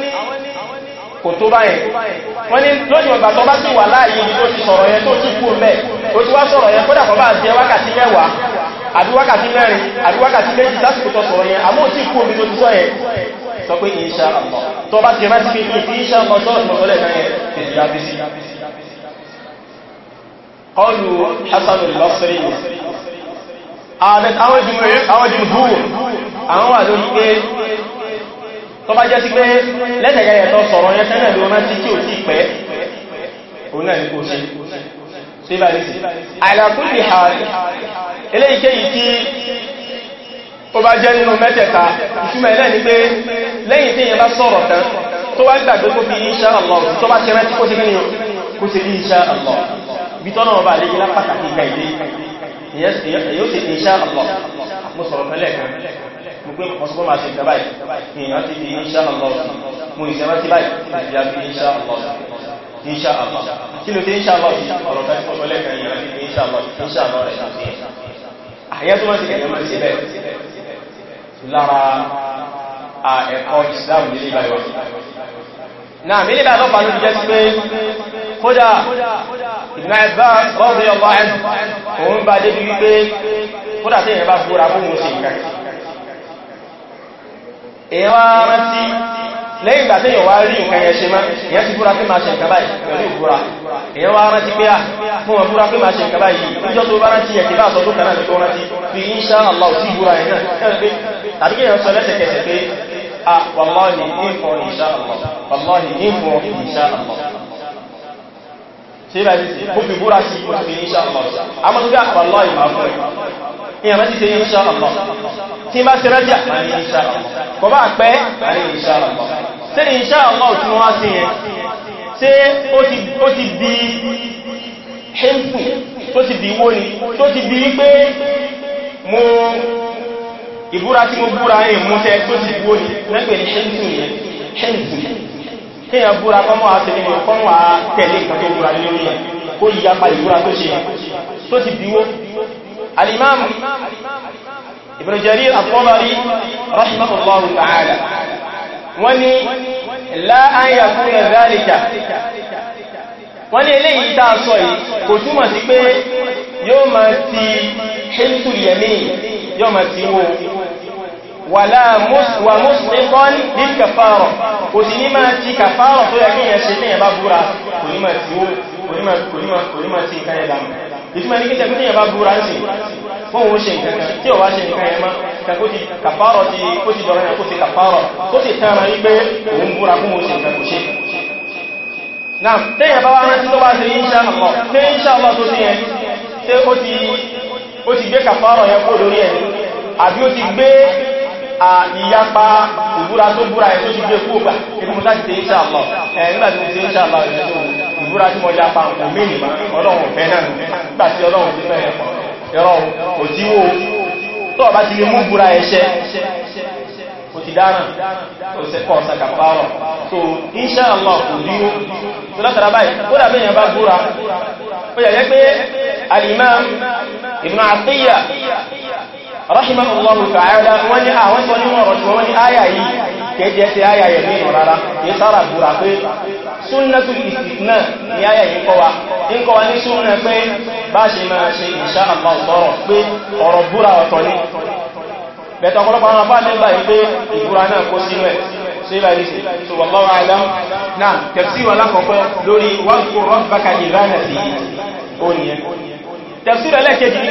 A: náà kò tó báyìí wọ́n ní lójú ọgbà tó bá sì wà láàyè ibi tó ti sọ̀rọ̀ yẹn tó tún kú mẹ́ o ti wá sọ̀rọ̀ yẹn kódà kọ́bá jẹ wákàtí mẹ́wàá àbí wákàtí mẹ́rin àbí wákàtí méjì lásìkò tó sọ̀rọ̀ yẹn àmọ́ tí kú omi tó ti sọ yẹn sọ pé insha Allah tó bá ti rẹ́ sí pé insha Allah sọ̀rọ̀ mọ̀tọ́lẹ̀ náà yẹn tètè yábí sí tó bá jẹ́ sí pé lẹ́tẹ̀yẹ̀yẹ̀ tó sọ̀rọ̀ yẹn tẹ́lẹ̀ ló rántí tí ò tí pẹ́ òun náà ní kò ṣe ṣe bá ní sí àìlàkúnlẹ̀ ààrẹ eléyìí tí ó bá jẹ́ nínú mẹ́tẹ̀ta ìtumẹ̀ náà ni pé lẹ́yìn tí yẹn bá sọ̀rọ̀ tán tó wá gbàgbé kó pé ọ̀sán máa ṣe ìjọba ìyàn ti di insha Allah mo ìṣẹ́mọ́ ti báyìí ìyà bí insha Allah insha Allah kí ló dé insha Allah sí ọ̀rọ̀ fẹ́ fọ́ lẹ́kàn ìyàn ti di insha Allah insha Allah rẹ̀ ṣàfi àyẹ́ tó wọ́n ti kẹ̀yẹ́ máa ṣe bẹ́ẹ̀ lára ẹ̀kọ́ Islam nílé ìbáyọ̀ náà mílẹ̀ bá lọ́pàá ló jẹ́ pé
B: kódà ìgbà ẹ̀bá rọ́ọ̀rẹ́ ọba ẹ̀ òun bá débi wípé
A: kódà tí èèyàn bá fúra fún òun ṣe ìkàkì èyàn wá rántí lẹ́yìn ìgbà tí èyàn wá rí nǹkan yẹn ṣe má èyàn ti búra pé máa ṣe nǹkan báyìí pẹ̀lú ìbúra èyàn wá rántí pé à fún wọn búra pé máa ṣe nǹkan báyìí níjọ́ tó bá rántí ẹ̀kì láàṣọ tó kanáà tó rántí fi insha Allah tí ìbúra ẹ̀ náà tàbí kí èyàn sọ lẹ́sẹ̀kẹsẹ̀ pé à wallahi ìfọ̀ insha Allah ìyàn rántí tẹ́ insha Allah tí bá ṣe rájá àrí insha Allah kọ bá pẹ́ àrí insha Allah ṣe insha Allah òtún wá sí yẹn ṣe ó ti di ṣẹ́mpù tó ti di wó ni tó ti di pé mo ìbúra tí mo búra yìí mú tẹ́ tó ti wó ni lẹ́gbẹ̀ẹ́ ṣẹ́mpù yẹn ṣẹ́mpù kíyàn búra kọ́mọ́ àtẹ́lẹ́yìn kọ́mọ́ àtẹ́lẹ́ ìkàtẹ́ ìbúra lórí ẹ̀ kó yíyapa ìbúra tó ṣe tó ti diwó al-imam
B: ibn jarir at-tabari rahimahullahu ta'ala wọ́n ní la an yakuna dhalika wọ́n ní eléyìí tá a sọ yìí kò túmọ̀ sí pé yóò ma ti
A: ṣíntù yẹ̀mí yóò ma ti wo wà mọ́sùlẹ́kọ́n ní kàfàrọ̀ kò sí ní ma ti kàfàrọ̀ tó yẹ kí yẹ ṣe ní ẹ̀bá búra kò ní ma ti wo kò ní ma ti nǹkan ẹ̀dàmù ìtumẹ̀ ní kíkẹ́ fún ìyàbá búra ń sì fún òun ṣe nǹkan tí ó wá ṣe nǹkan ẹmá kò ti kàfàrọ̀ ti kò ti dọ̀rọ̀ kò ti kàfàrọ̀ kò ti tẹ́ra wípé òun búra fún òun ṣe nǹkan kò ṣe náà tẹ́yẹ̀ bá wá rántí tó bá ṣe insha Allah tẹ́ insha Allah tó sí yẹn tẹ́ ó ti gbé kàfàrọ̀ yẹn kó lórí ẹ̀ àbí ó ti gbé ìyapa ìbúra tó búra ẹ̀ tó ti gbé kú ògbà ìdúmọ̀tá ti tẹ́ insha Allah ẹ̀ nígbà tí mo ṣe insha Allah ìrẹ́sùn ìbúra tí mo yapa òmí nìmá ọlọ́run fẹ́ náà nígbà tí ọlọ́run ti fẹ́ ẹ̀rọ òtíwó tó ọba ti lè mú búra ẹ̀ṣẹ̀ kò ti dára kò sẹ́kọ̀ ọ̀sàkà pààrọ̀ so insha Allah kò díó tó látara báyìí ó dàbí èèyàn bá búra imam Ibn Atiyya
B: rahimahullahu ta'ala wọ́n ní àwọn tí wọ́n ní wọ́n
A: súnnàtù ìsìnà ní ayà yìí kọ́ wa ń kọ́ wa ní súnnà pé bá ṣe máa ṣe insha Allah sọ́rọ̀ pé ọ̀rọ̀ búra ọ̀tọ̀ ní bẹ̀tọ̀ ọ̀pọ̀lọpọ̀ àwọn afá mẹ́gbà yìí pé ìbúra náà kó sínú ẹ̀ ṣe bá rí sí so wallahu a'lam náà tafsir wà lákọ̀ọ́kọ́ lórí wọ́n kó rọ́bàkà ìrànà sí òní ẹ̀ tafsir ẹlẹ́kẹ̀ẹ́jì ni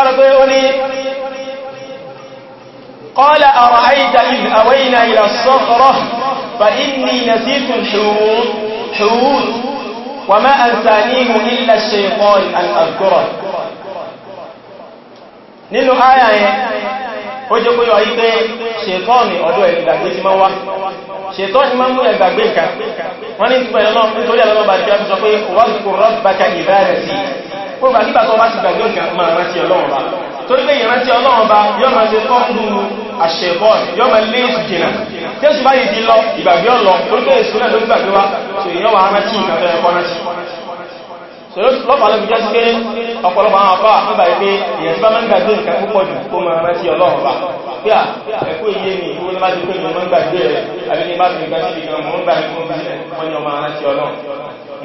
A: ẹ̀rọ̀gbé ó ní قال أرأيت إذ أوينا إلى الصخرة فإني نسيت الحور حور وما أنسانيه إلا الشيطان أن أذكره نلو آية ó jẹ́ pé ọ̀yí pé ṣètọ́ọ̀nì ọ̀dọ̀ ẹ̀gbàgbé ti máa wá ṣètọ́ọ̀nì máa mú ẹ̀gbàgbé nǹkan wọ́n ní ìtumọ̀ ẹ̀lọ́run nítorí ẹ̀lọ́run bá ti wá sọ pé wọ́n kò rọ́bàkà ìbáyẹ̀ sí kó bá nígbà tó bá ti gbàgbé nǹkan máa rántí ọlọ́run bá torí pé ìrántí ọlọ́run bá yọ́ máa ṣe fọ́ọ̀mù àṣẹ̀bọ́n yọ́ máa lé èsù so yóò lọ́pàá lọ́pàá jẹ́ pé ọ̀pọ̀lọpọ̀ àwọn apá nígbà ìpé ìyẹ̀sí bá mẹ́gbà gbé nǹkan púpọ̀ jù kó mọ̀ rẹ̀ sí ọlọ́run bá pé à ẹ̀kú iye ni ìwé ní bá ti pé mọ̀ gbà gbé rẹ̀ àbí ní bá ti gbà sí ìgbà mọ̀ gbà ní wọ́n ni ọmọ rẹ̀ sí ọlọ́run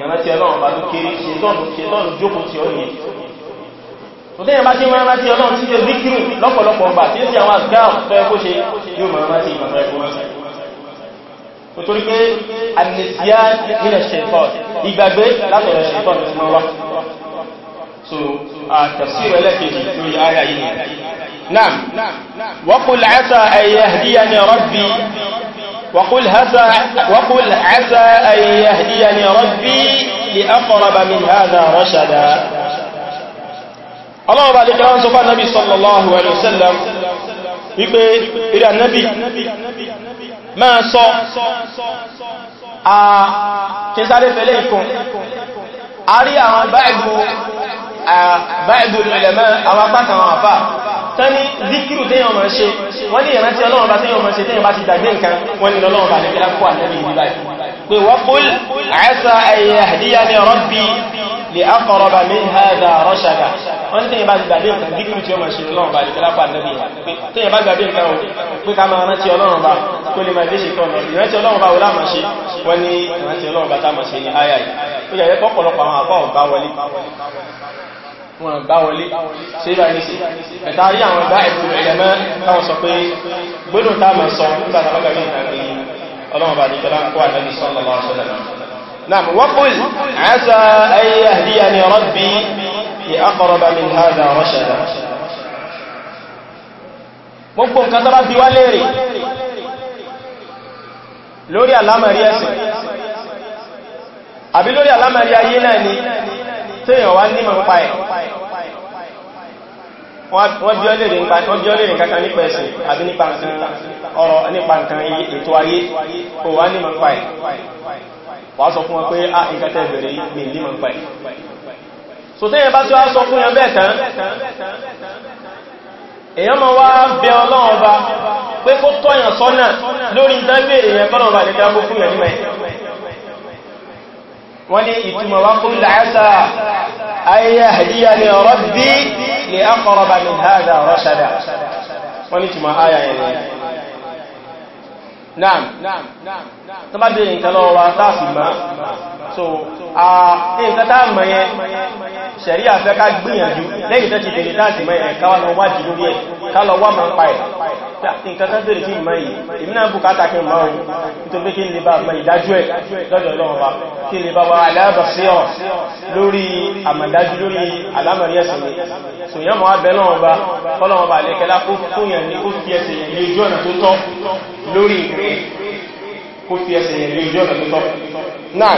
A: ìrántí ọlọ́run bá ló kéré ṣetọ́nù jókòó tí ó yẹ tó tẹ́yẹ bá tí wọ́n rántí ọlọ́run tí ó rí kírù lọ́pọ̀lọpọ̀ ọgbà tí ó sì àwọn àgbà fẹ́ kó ṣe yóò mọ̀ rántí nítorí pé anisiyan nílẹ̀ ṣẹ̀tọ́ ìgbàgbé látọ̀rọ̀ ṣẹ̀tọ́ ní ọmọ wá so àtàfsírò ẹlẹ́kẹ̀ẹ́jì lórí ara yìí náà waqul asa an yahdiyani rabbi waqul asa an yahdiyani rabbi li aqraba min hadha rashada ọlọ́wọ́ bá dìkẹ́ wọ́n sọ fún Ànábì sallallahu alaihi wasallam wípé ìrìn Ànábì máa sọ àkínsáré fẹ́lẹ̀ ikùn a rí àwọn báìbù ìlẹ̀mẹ́ àwọn apáta àwọn àfà tẹ́ni díkìrù téèyàn máa ṣe wọ́n ní ìrántí ọlọ́run bá téèyàn máa ṣe téèyàn bá ti dàgbé nǹkan wọ́n ní ọlọ́run ní kí àtẹ́lẹ̀ ìdí wọ́n tẹ́yìn bá gbàgbé nǹkan díkìrì tí ó máa ṣe ọlọ́run bá ìtẹ́lá pa nẹ́bí tẹ́yìn bá gbàgbé nǹkan pé ká máa rántí ọlọ́run bá kó lè máa dé ṣe tọ́nà ìrántí ọlọ́run bá wọlá máa ṣe wọ́n ní ìrántí ọlọ́run bá tá máa ṣe ní áyà yìí ó yẹ pọ́pọ̀lọpọ̀ àwọn àpá ọ̀gbá wọlé wọn bá wọlé ṣe bá ní sí ẹ̀ta rí àwọn ìgbà ẹ̀kù ẹ̀lẹ́mẹ́ táwọn sọ pé gbódùn táàmà sọ nígbàtàbágbàgbé ìrìnàgbé ọlọ́run bá ní tọ́lá ń kó àjọ́ ní sọ́lọ́lọ́ نعم وقل عسى أن يهديني ربي لأقرب من هذا رشدا gbogbo nǹkan tó bá bí wá léèrè lórí àlámàrí ẹ̀sìn àbí lórí àlámàrí ayé náà ni téèyàn wá ní mọ̀pá ẹ̀ wọ́n bí ọlẹ́rẹ̀ kankan nípa ẹ̀sìn àbí nípa ọ̀rọ̀ nípa nǹkan ètò ayé kò wá ní mọ̀pá ẹ̀ wà sọ fún wọn pé a ah, nǹkan tẹ́ bẹ̀rẹ̀ mi ní mọ̀ pẹ̀ so tẹ́yẹ bá tí wá sọ fún yẹn bẹ́ẹ̀ tán
C: èyàn mọ̀ wá bẹ ọlọ́run ọba pé kó tọ́yàn sọ́nà lórí ìdágbèrè yẹn kọ́nà ọba naam
A: tó bá dé nǹkan lọ́wọ́ wa táàsì ma so a nǹkan táà mọ̀ yẹn ṣẹ̀rí àfẹ́ ká gbìyànjú lẹ́yìn tẹ́ ti bèèrè táàsì mọ̀ yẹn káwà lọ wájì lórí ẹ̀ ká lọ wá ma ń pa ẹ̀ nǹkan tẹ́ bèèrè tí mọ̀ yìí èmi náà bùkátà kí mọ̀ ohun nítorí kí lè bá mọ̀ ìdájú ẹ̀ lọ́dọ̀ lọ́wọ́ kí so yẹn mọ̀ wá bẹ́ lọ́wọ́ ba kọ́lọ́wọ́ ba lè kẹ́lá kó fún yẹn ní kó fi kó fi ẹsẹ̀ yẹn lé ọ̀nà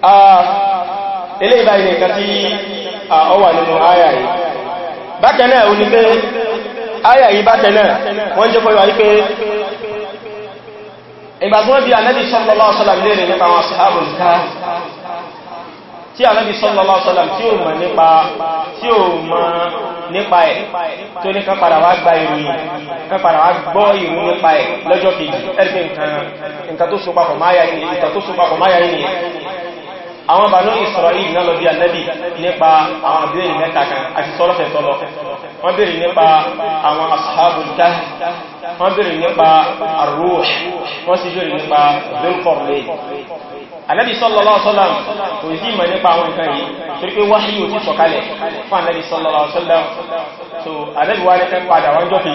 A: tó ah ilé ìbá ọ nínú àyà yìí bákan náà ní pé àyà yìí bákan wọ́n jẹ́ pẹ̀lú wípé ìgbàtí bí tí Ànábì sallallahu alaihi wasallam tí ó mọ̀ nípa tí ó mọ̀ nípa ẹ̀ tó ní kan padà wá gba ìròyìn kan padà wá gbọ́ ìròyìn nípa ẹ̀ lọ́jọ́ kejì ẹgbẹ́ nǹkan tó sopapọ̀ máyà ní àwọn Banu Isra'il náà lọ bí Ànábì nípa àwọn àbúrẹ̀ mẹ́ta kan àti sọ́lọ́fẹ̀ wọ́n bèèrè nípa àwọn ashabul kahf wọ́n bèèrè nípa ar-ruh wọ́n sì bèèrè nípa Dhul Qarnayn Ànábì sallallahu alaihi wasallam kò sí mọ̀ nípa àwọn nǹkan yìí torí pé wahyi ò ti sọ̀kalẹ̀ fún so Ànábì wá ní kan padà wọ́n jọ tí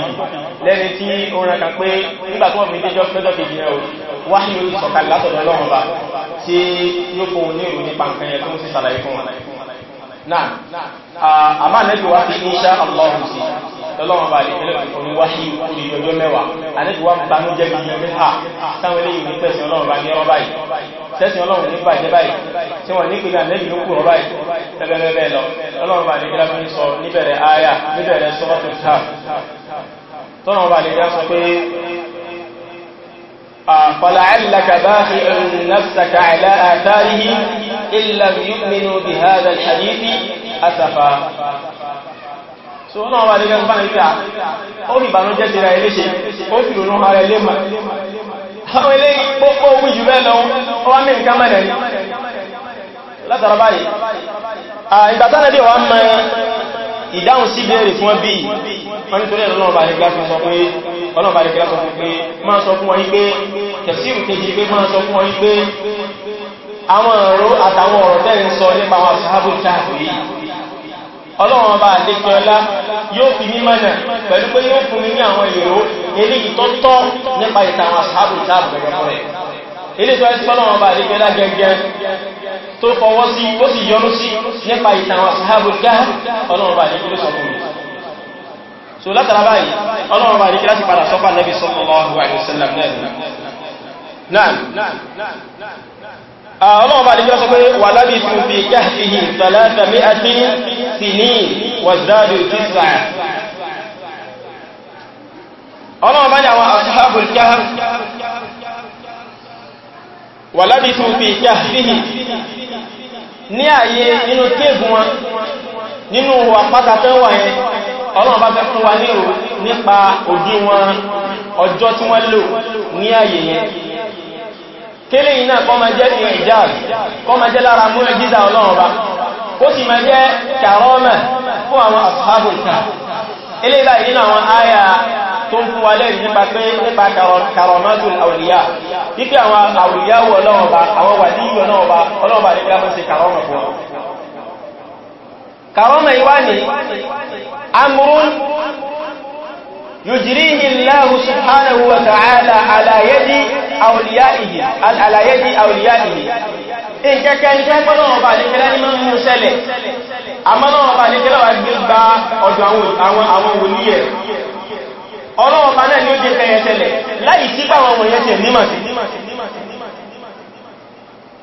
A: ti sọ̀kalẹ̀ látọ̀dọ̀ Ọlọ́run bá tí yóò fún un ní ìrù nípa nǹkan yẹn tó ń sì sàlàyé fún wọn náà àmà Ànábì wá fi insha Allah sí lọ́lọ́wọ́n bá lè tẹ́lẹ̀ fún ní wáṣí ní ọjọ́ mẹ́wàá àníbi wá gbanú jẹ́ gidi ní ha táwọn eléyìí ní tẹ̀sìn ọlọ́run bá ní ọ̀rọ̀ báyìí tẹ̀sìn ọlọ́run ní bàjẹ́ báyìí tí wọ́n ní pé náà lẹ́yìn ló kù báyìí tẹ́lẹ̀lẹ́lẹ́
B: فلعلك باخع نفسك على آثارهم إن
A: لم يؤمنوا بهذا الحديث أسفا
B: so náà wà nígbà nípa nígbà ó rí ìbànújẹ́ ti ra ilé ṣe ó fi lónú ara ilé mọ̀
A: àwọn ilé pọ́pọ́ wí jù bẹ́ẹ̀ lọ́wọ́ ó wá mẹ́rin kámẹ́ rẹ̀ látara báyìí ìgbà tánàbí wà mọ́ ìdáhùn sí bẹ̀rẹ̀ fún ẹbí wọ́n nítorí ẹ̀rọ náà bá ní gíláṣì sọ pé ọlọ́run bá ní gíláṣì sọ pé máa sọ fún wọn pé tẹ̀síìrù kejì pé máa sọ fún wọn pé àwọn ọ̀rọ̀ àtàwọn ọ̀rọ̀ tẹ́ ń sọ nípa àwọn àṣàbò káàkiri ọlọ́run ọba àlékẹ́ ọlá yóò fi ní mọ́nà pẹ̀lú pé yóò fún mi ní àwọn èrò eléyìí tó tọ́ nípa ìtàwọn àṣàbù táàbù gẹ́gẹ́ rẹ̀ ilé tó ẹ́sì ọlọ́run ọba àlékẹ́
B: so látara báyìí ọlọ́run ọba àlékẹ́ láti sallallahu alaihi wasallam náà
A: Ah, ọlọ́wọ́ bá nígbà sọ pé wà lábí tún fi káàkiri tàlátà mí àti sìní wàzádù ọlọ́wọ́ bá ní àwọn asáàbùl káhàr wà lábí fi ní nínú kéèkù wọn nínú wa nípa òdí kílé iná kọ́ ma jẹ́ ní ìjáàbì kọ́ ma jẹ́ lára mú ẹjíza ọlọ́ọ̀bá ó sì ma jẹ́ kàrọ́mẹ̀ fún àwọn ashabul kahf ilé láì nínú àwọn áyà tó ń fún wa lẹ́rì nípa pé nípa karamatul awliya wípé àwọn awliya ọlọ́ọ̀bá àwọn wàdí ọlọ́ọ̀bá يجريه الله سبحانه وتعالى على يد أوليائه على يد أوليائه nǹkan kẹni tẹ́ pọ́nà ọba àdíkẹ́lá ní mọ́ mú sẹ́lẹ̀ àmọ́nà ọba àdíkẹ́lá wà gbé gba ọ̀dọ̀ àwọn wòlí ẹ̀
C: ọlọ́ọ̀bá náà ni ó jẹ́ kẹyẹ sẹ́lẹ̀ láì sí pàwọn wòlí
A: ẹ̀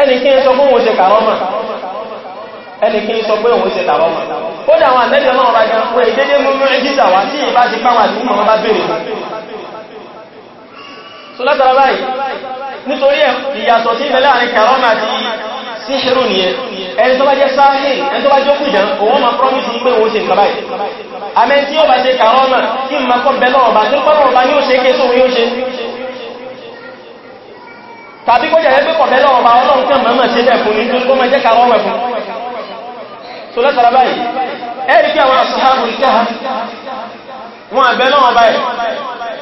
A: ẹni kí n sọ pé òun ṣe kàrọ́mà
B: ẹni kí n sọ pé òun
A: ṣe kàrọ́mà ó dà àwọn àlẹ́jọ náà rájá pé ìdédé múmú ẹjíṣà wá tí ìbá ti pàwà tí mọ̀ bá
C: bèèrè
B: so látara báyìí nítorí ìyàtọ̀ tí ìbẹ̀lẹ̀ àrin kàrọ́mà àti síṣẹ́rù nìyẹn ẹni tó bá jẹ́ sáàhìn ẹni tó bá jókù
A: jẹun òun ma promise ní pé òun ṣe nǹkan báyìí àmẹ́ tí ó bá ṣe kàrọ́mà tí ma kọ́ bẹ́ náà bá tó pọ́nà ọba ní ó ṣe kéṣòwò yóò ṣe tàbí kó jẹ́ pé kọ̀bẹ́ náà ọba ọl kan mọ̀mọ̀ ṣe bẹ̀ fún ní tó kó mọ̀ jẹ́ kàwọ́ wẹ̀ fún so lẹ́tara báyìí ẹ̀rí kí àwọn aṣáàbù ní káà wọn àbẹ́ lọ́wọ́ báyìí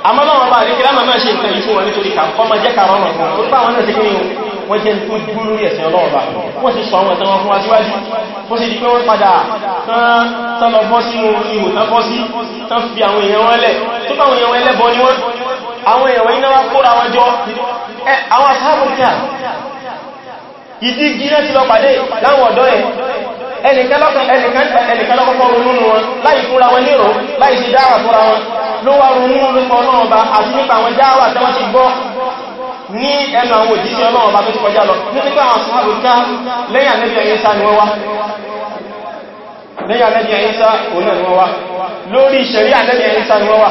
A: àmọ́ lọ́wọ́ bá ní kíra mọ̀mọ̀ ṣe nǹkan yìí fún wọn nítorí kọ́ mọ̀ jẹ́ kàwọ́ wẹ̀ fún ó bá wọn náà ti kí wọ́n jẹ́ tó dúró lórí ẹ̀sìn ọlọ́ọ̀bá wọ́n sì sọ àwọn ẹ̀tọ́ wọn fún aṣíwájú ó sì di pé wọ́n padà tán lọ bọ́ sí ihò tán bọ́ sí tán fi àwọn èèyàn wọn lẹ̀ tó bá àwọn èèyàn wọn ẹlẹ́bọ ni wọ́n àwọn èèyàn wọn iná wá kóra wọn jọ àwọn aṣáàbù kíà ìdí gílẹ̀ ti lọ pàdé láwọn ọ̀dọ́ ẹ̀ ẹnìkan lọ́kọ́kọ́ ronúnú wọn láì fúnra wọn lérò láì sí dáwà fúnra wọn ló wá ronúnú lópa ọlọ́ọ̀bá àti nípa àwọn dáwà tí wọ́n ti gbọ́ ní ẹnu àwọn òjíṣẹ́ ọlọ́ọ̀bá tó ti kọjá lọ nípa àwọn àṣùhábùká lẹ́yìn ànẹ́bí ẹ̀yẹ́sá ni wọ́n wá lórí ìṣẹ̀rí ànẹ́bí ẹ̀yẹ́sá ni wọ́n wá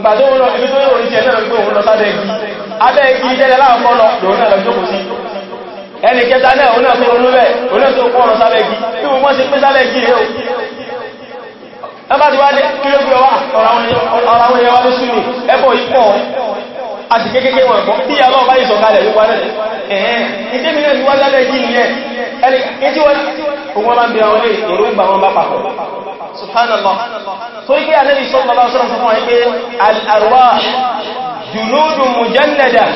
A: ìgbà tó lọ ibi tó lọ orí jẹ náà gbé òun lọ sábẹ́ igi abẹ́ igi jẹ́jẹ́ láàkọ́ lọ lòun náà lọ jókòó sí ẹni kẹta náà òun náà tó ronú bẹ́ẹ̀ òun náà tó kọ́ ọ̀rọ̀ sábẹ́ igi tí mo mọ́ sí pé sábẹ́ igi rẹ̀ ẹbá ti wá dé kí ló gbé wá ọ̀rọ̀ àwọn ẹyẹ wá ló sí ni ẹbọ̀ yìí pọ̀ a sì kékeré wọn kọ́ bí àwọn ọba ìsọ̀kalẹ̀ ló parẹ́ ẹ̀hẹ́n ìdébìnrin ẹni wá sábẹ́ igi nìyẹn ẹni kí wọ́n bá ń bẹ subhanallah torí pé Ànábì sallallahu alaihi wasallam fún wípé al-arwah junudun mujannada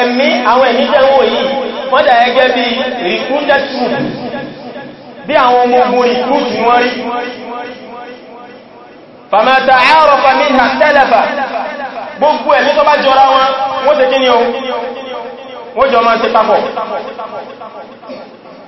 A: ẹ̀mí àwọn ẹ̀mí tẹ́wọ́ yìí wọ́n dà ẹgẹ́ bí recruited troop bí àwọn ọmọ ogun recruit ni wọ́n rí fama ta'arafa minha ikhtalafa
B: tó bá jọra wọn wọ́n ṣe kí ni o wọ́n jọ máa ṣe papọ̀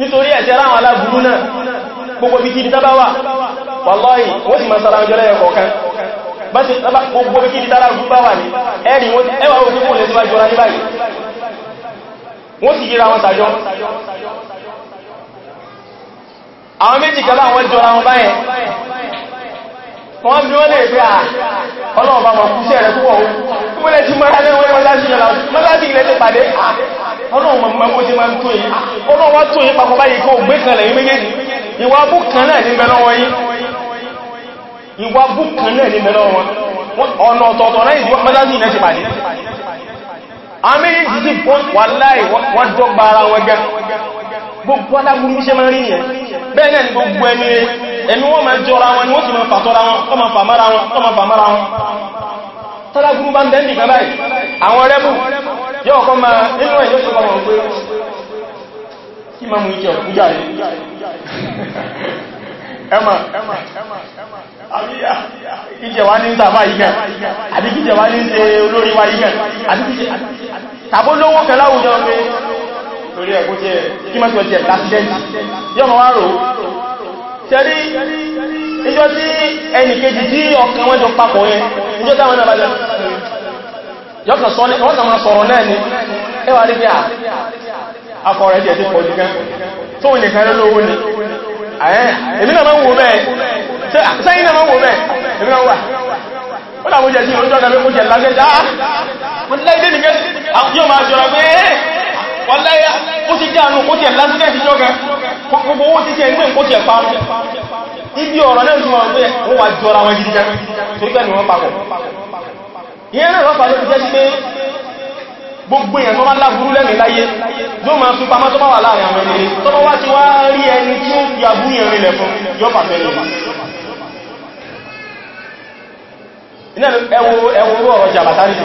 A: nítorí ẹ̀ṣẹ́ ráwọn aláburú náà gbogbo bí kí tábá wà wàláhì wọ́n ti máa sára ọjọ́ lẹ́yẹ kọ̀ọ̀kan gbogbo bí kí tábá gbogbo wà ní ẹ̀rì ẹwà òní kò lè tí máa jọra ní báyìí wọ́n ti yíra wọn sàjọ́ àwọn méjì jọra wọn báyẹn wọ́n bí wọ́n lè pé à ọlọ́run bá wọn kúṣẹ́ rẹ̀ púpọ̀ ó múlẹ̀ tí mọ́ra ní wọ́n mọ́láṣí yọ́la mọ́láṣí ilẹ̀ ti pàdé ọlọ́run mọ̀ mọ́ sí máa ń tó yìí ọlọ́run wá tó yìí papọ̀ báyìí kó gbé kan lẹ́yìn méjèèjì ìwà bú kan náà ní bẹ̀rẹ̀ wọn yìí ìwà bú kan náà ní bẹ̀rẹ̀ wọn ọ̀nà ọ̀tọ̀ọ̀tọ̀ náà ìwà mọ́láṣí ilẹ̀ ti pàdé àmì yìí ti wọ́n wà láì wọ́n dọ́gba ara wọn gẹ́ gbogbo alágbùrú bí ṣe máa rí nìyẹn bẹ́ẹ̀ náà ni gbogbo ẹni rẹ̀ ẹni wọ́n máa jọra wọn ni wọ́n sì máa fàtọ́ra wọn tó máa fàmára wọn tó máa fàmára wọn tọ́lágbùrú bá ń bẹ́ẹ̀ nìkan báyìí àwọn rẹ́bù yóò kọ́ máa nínú ẹ̀ yóò sì kọ́ pé
B: kí máa mú ìkẹ́ torí ẹ̀kú jẹ́ kí mọ́ sí ọjẹ́ pàṣẹ́ntì yọ́ mọ́ wá rò tẹ́rí
A: ìjọ́ tí ẹnì kejì tí ọkàn wọn jọ papọ̀ yẹn ìjọ́ táwọn náà bájọ́
B: yọ́kàn sọ ní wọ́n kàn máa sọ̀rọ̀ náà ni ẹwà rí bí akọ̀ rẹ̀ jẹ́ ti pọ̀ jù gan tó wù nìkan lówó ni
A: èmi náà máa ń wò bẹ́ẹ̀ sẹ́yìn náà máa ń wò bẹ́ẹ̀ èmi náà wà ó dàbójẹ́ sí orí jọ́gà mẹ́kún jẹ́ lágbẹ́já wọ́n láyá ó ti jẹ́ àánú kó tẹ̀ lásìkẹ́ ti jọ́gá gbogbo owó ti tẹ̀ ń gbé kó tẹ̀ parun ibi ọ̀rọ̀ náà ti wọ́n pẹ́ ó wà jọra wọn gidi gan tó gbẹ̀mí wọn papọ̀ ìyẹn náà lọ́pàá ló ti jẹ́ sí pé gbogbo èèyàn tó bá láburú lẹ́mí láyé ló máa tún pamọ́ tó bá wà láàrin àwọn ènìyàn tó bá wá ti wá rí ẹni tí ó fi abú yẹn rí lẹ̀fún yóò pàfẹ́ lọ
B: ẹwọ ẹwọ ọ̀rọ̀ jàbátárìsì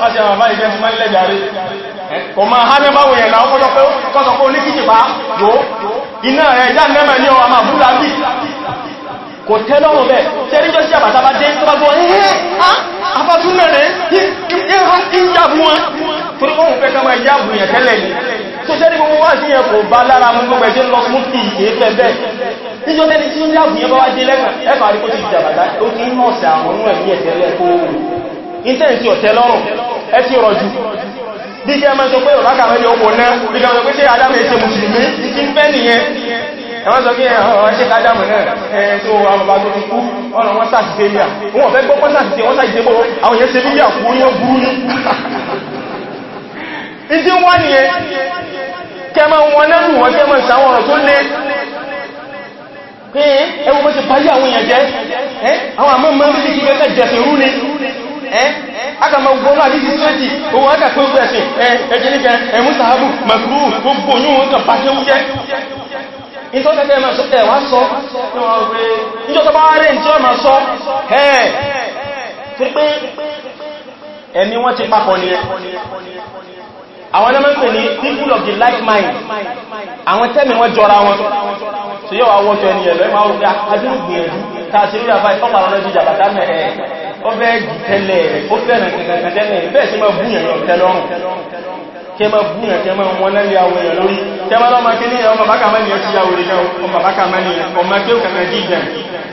A: wọ́n ṣe àwọn báyìí jẹ́ fún mẹ́lẹ̀ jàrí kò máa ha mẹ́bá wòyẹ̀ náà kọ́jọ pé kọ́sọ pé oníkìtì bá yóò já mẹ́mẹ́ ní ọmọ àbúrà bí kò tẹ́ lọ́rùn bẹ́ẹ̀ tí ẹni jọ sí àbàtà bá dé tó bá gbọ́ ẹ́ẹ́ afọ́tún mẹ́rẹ̀ ìyàbù wọn torí wọ́n fẹ́ kọmọ ìyàbù yẹn tẹ́lẹ̀ ni tó jẹ́ ní gbogbo wá sí ẹ̀kọ́ bá lára mú gbogbo ẹ̀jẹ́ lọ fún ti ìgbẹ́ bẹ́ẹ̀ níjọ́ tẹ́ni tí ó yàbù yẹn bá wá dé lẹ́kàn ẹ̀kọ́ àríkò ti ìjàbàtà ó ti ń hàn sí àwọn iṣẹ́ ìsí ọ̀tẹ́ lọ́rùn ẹsí rọ̀jù bí kẹ́ mẹ́ sọ pé ọ̀láka mẹ́jọ kò ná bí kẹ́ sọ pé ṣe adámù ẹ̀ṣẹ́ mùsùlùmí ti ń fẹ́ nìyẹn ẹ̀wọ́n sọ pé ọ̀rọ̀ ṣe adámù náà ẹ̀ tó àwọn bàbá tó ti kú ọ̀rọ̀ wọn sàtìsẹ́ ilé àwọn ọ̀fẹ́ gbọ́ sàtìsẹ́ wọn sàtìsẹ́ bọ́ àwọn yẹn ṣe bí bí àkú yẹn burú ní ìdí wọ́n nìyẹn kẹmọ wọn náà nù wọn kẹmọ ìsàwọn ọ̀rọ̀ tó lé pé ẹwọ́n mọ́ ti parí àwọn èèyàn jẹ́ àwọn àmọ́ mọ́ ní kíkẹ́ jẹ́ Eh? aka e, e e, ma gbọ́nà àti ti sẹ́ẹ̀tì ohun aka pé ogun ẹ̀sìn ẹ̀jẹ̀nìkẹ́ ẹ̀mùsàábù mẹ́kúrú gbogbo yíò wọn kàn pàṣẹ wújẹ́ ìtọ́tẹ́tẹ́ ma sọ ẹ̀wà sọ ìjọ́tọ́ bá rẹ̀ tí ó ma sọ ẹ̀ tí pé ẹ̀mí wọ́n ti papọ̀ ní ẹ àwọn ẹmọ́ pè ní people of the like mind àwọn tẹ́mì wọ́n jọra wọn tí yóò wá wọ́jọ ẹni ẹ̀lọ́ ìwọ̀n àwọn ọgbà ajínú gbìyànjú tàà sí rí àbáyé ọpàá lọ́jọ́ ìjàbàtà eh ọbẹ̀ tẹ́lẹ̀ ó fẹ́ràn kẹkẹkẹtẹ́lẹ̀ bẹ́ẹ̀ sí máa búyàn lọ tẹ́lọ́rùn kẹ máa búyàn kẹ máa wọn lẹ́lẹ́ àwọn èèyàn lórí kẹ máa lọ́mọ kí ní ọmọ bákà mẹ́rin ọtí yàwó rẹ̀ ọmọ bákà mẹ́rin ọmọ kí ó kẹ̀kẹ́ jí jẹ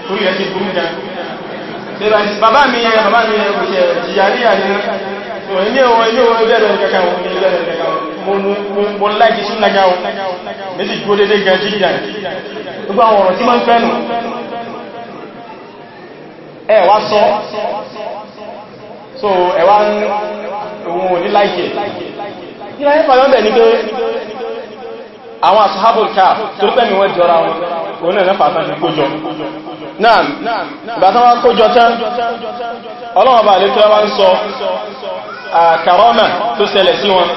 A: torí ẹ ti burú jẹ bàbá mi yẹn bàbá mi yẹn kò ṣe jìyàríyà ní ilé wọn ilé wọn ilé ẹ̀rọ kẹkẹ wọn ilé ẹ̀rọ kẹkẹ wọn mo láìkí sí lágá wọn méjì dúró dédé gẹ jíjà gbogbo àwọn ọ̀rọ̀ tí máa ń fẹ́ nù ẹ wá sọ so ẹ wá ń ohun òní láìkẹ̀ nílá ẹ́fà lọ́bẹ̀ ní pé àwọn ashabul kahf tó pẹ̀mí wọ́n jọra wọn òun náà lẹ́fà tán ti kójọ náà ìgbà tán wá kójọ tán ọlọ́wọ́n bá lè tọ́lá wá ń sọ karama tó ṣẹlẹ̀ sí wọn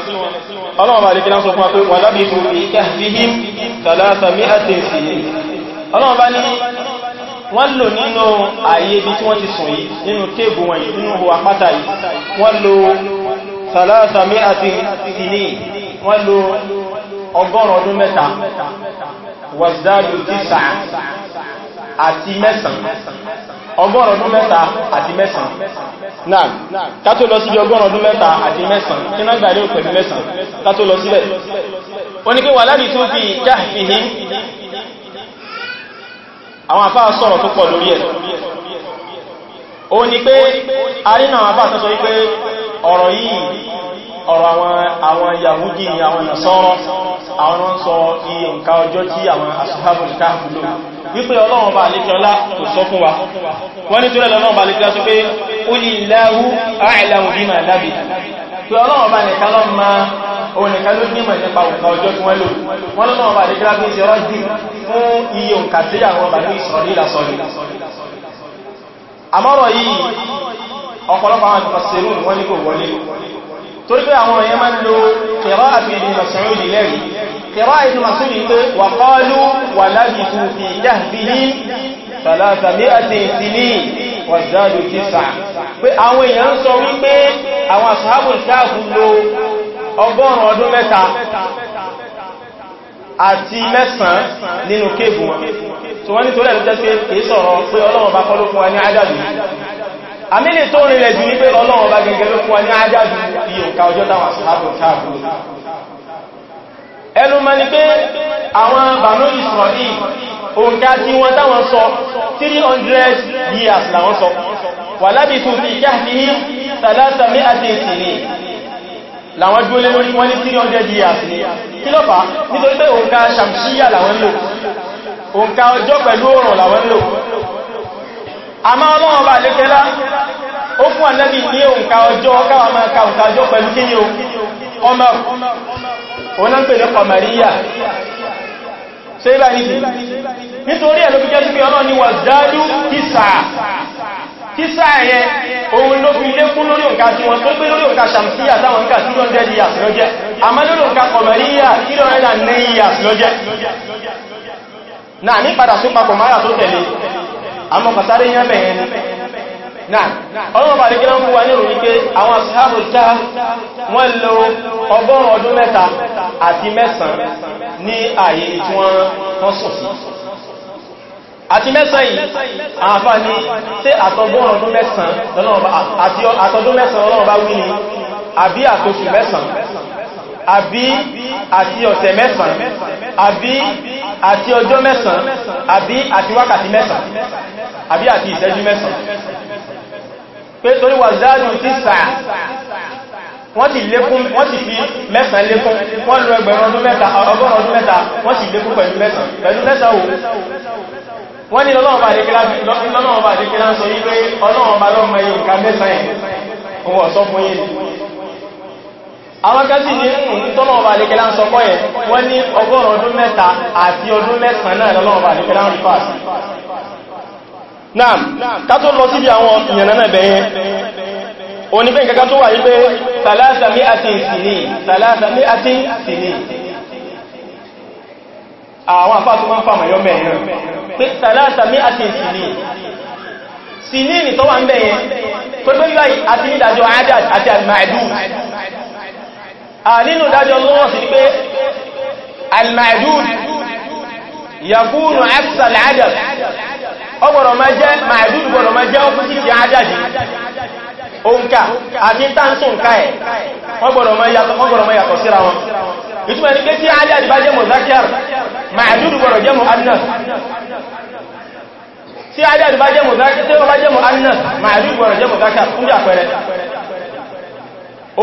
A: ọlọ́wọ́n bá lè kí lásọ fún wa pé wà lábí fún ìkẹ́ wọ́n lò nínú ààyè ibi tí wọ́n ti sùn yìí nínú tébù wọn yìí nínú huwa pátá yìí wọ́n lò sàlásàmí àti ìní wọ́n lò ọgọ́rùn ọdún mẹ́ta wàzádù tísà àti mẹ́sàn ọgọ́rùn ọdún mẹ́ta àti mẹ́sàn náà kátó lọ síbi ọgọ́rùn ọdún mẹ́ta àti mẹ́sàn kí náà gbàrí òpẹ̀lú mẹ́sàn kátó lọ sílẹ̀ oníkẹ́ láti tún fi jáfihìn àwọn àfáà sọ̀rọ̀ tó pọ̀ lórí ẹ̀ o ní pé arínà àwọn àfáà sọ wípé ọ̀rọ̀ yìí ọ̀rọ̀ àwọn yahudi ni àwọn nasọ́rọ̀ àwọn wọ́n sọ iye nǹkan ọjọ́ tí àwọn ashabul kahf lò wípé Allahu a'lamu bima labithu tí ọlọ́wọ́ bá nìkan lọ ma onìkan ló nímọ̀ nípa òǹkà ọjọ́ tí wọ́n lò wọ́n lọ́wọ́ bá nìkan bí ṣe rọ́jì fún iye òǹkà tí àwọn bá ní ìṣọ̀rọ̀ ní ìlàsọ̀rọ̀ àmọ́rọ̀ yìí ọ̀pọ̀lọpọ̀ àwọn ìfọ̀sẹ̀rù wọ́n ní kò wọlé torí pé àwọn èèyàn máa ń lo wàzádù tísà pé àwọn èèyàn ń sọ wípé àwọn àṣàbùn káàkùn lo ọgọ́rùn ọdún mẹ́ta àti mẹ́sàn nínú kéèkù wọn tó wọ́n nítorí ẹ̀lú tẹ́sí èé sọ̀rọ̀ pé ọlọ́run bá kọ́ló fún wa ní àjádù àmìlì tó rìnlẹ̀ jù ní pé ọlọ́run bá gẹ́gẹ́ ló fún wa ní àjádù iye òkà ọjọ́ táwọn àṣàbùn káàkùn ẹnu ma ni pé àwọn bànú ìsìnrọ̀lì òǹkà tí wọ́n táwọn sọ 300 years làwọn sọ wà lábí tó fi káàkiri tàlátàmí àti ìsìnrì làwọn dúó lé wọ́n ní 300 years ni kí lọ́pá nítorí pé òǹkà sàmsíyà làwọn lò òǹkà ọjọ́ pẹ̀lú òrùn làwọn lò àmá ọlọ́wọ́n bá lékẹ́lá ó fún ànábì ní òǹkà ọjọ́ káwà Omar òun náà pè ní Omariya ṣe ibà ní nítorí ẹ̀lú fíjẹ́ sí pé ọlọ́ ni wà zádú kìsà kìsà ẹ̀yẹ òun ló fi lékún lórí òǹkà tí wọ́n tó gbé lórí òǹkà sàmsíyà táwọn nǹkan 200 years lọ́jẹ́ àmọ́ lórí òǹkà Omariya 309 years lọ́jẹ́
B: ọlọ́ọ̀bà lè gíná fún wa ní ìròyìn pé àwọn ashabul kahf wọ́n
A: lo ọgọ́rùn ọdún mẹ́ta àti mẹ́sàn ní ààyè tí wọ́n sùn sí àti mẹ́sàn yìí àǹfà ní tí àtọgọ́rùn ọdún mẹ́sàn ọlọ́ọ̀bá wí ni àbí àtòṣù mẹ́sàn àbí àti ọ̀sẹ̀ mẹ́sàn àbí àti ọjọ́ mẹ́sàn àbí àti wákàtí mẹ́sàn
B: àbí àti ìṣẹ́jú mẹ́sàn
A: pé torí wà záàdùn sí sàá
B: wọ́n ti lékún wọ́n ti fi mẹ́sàn lékún wọ́n lọ ẹgbẹ̀rún ọdún mẹ́ta ọgọ́rùn ọdún mẹ́ta wọ́n sì lékún pẹ̀lú mẹ́sàn pẹ̀lú mẹ́sàn wò
A: wọ́n ni lọ́nà ọba àdékílá ń sọ yí pé ọlọ́run ọba lọ́mọ yìí nǹkan mẹ́sàn yìí ohun náà ká tó lọ síbi àwọn ìyànnà bẹ̀yẹn onífẹ́ nǹkan tó wà yí pé sàlásàmí àti ìsìnì sàlásàmí àti ìsìnì àwọn àfáà tó máa ń fàmàyọ́ mẹ́rin pé sàlásàmí àti ìsìnì sìnì ni tó wà ń bẹ̀yẹn tó tó yíwá àti nídàjọ́ adad àti al-ma'dud
B: nínú ìdájọ́ lọ́wọ́ sí
A: yàkúnù ẹ́fẹ́sàlì adam
B: ọgbọ̀rọ̀ ma jẹ́ màájúdù gbọ̀rọ̀ ma jẹ́ ọkùn títí adájì
A: oǹkà àti táǹsù ǹkà ẹ̀ ọgbọ̀rọ̀ ma yàtọ̀ síra wọn ìtumẹ̀ ní pé tí adájì bá jẹ́ mọ̀zákẹ́r màájúdù gbọ̀rọ̀ jẹ́ mọ̀annas
B: tí adájì bá jẹ́ mọ̀annas màájúdù gbọ̀rọ̀ jẹ́ mọ̀zákẹ́r fún jà pẹ̀rẹ̀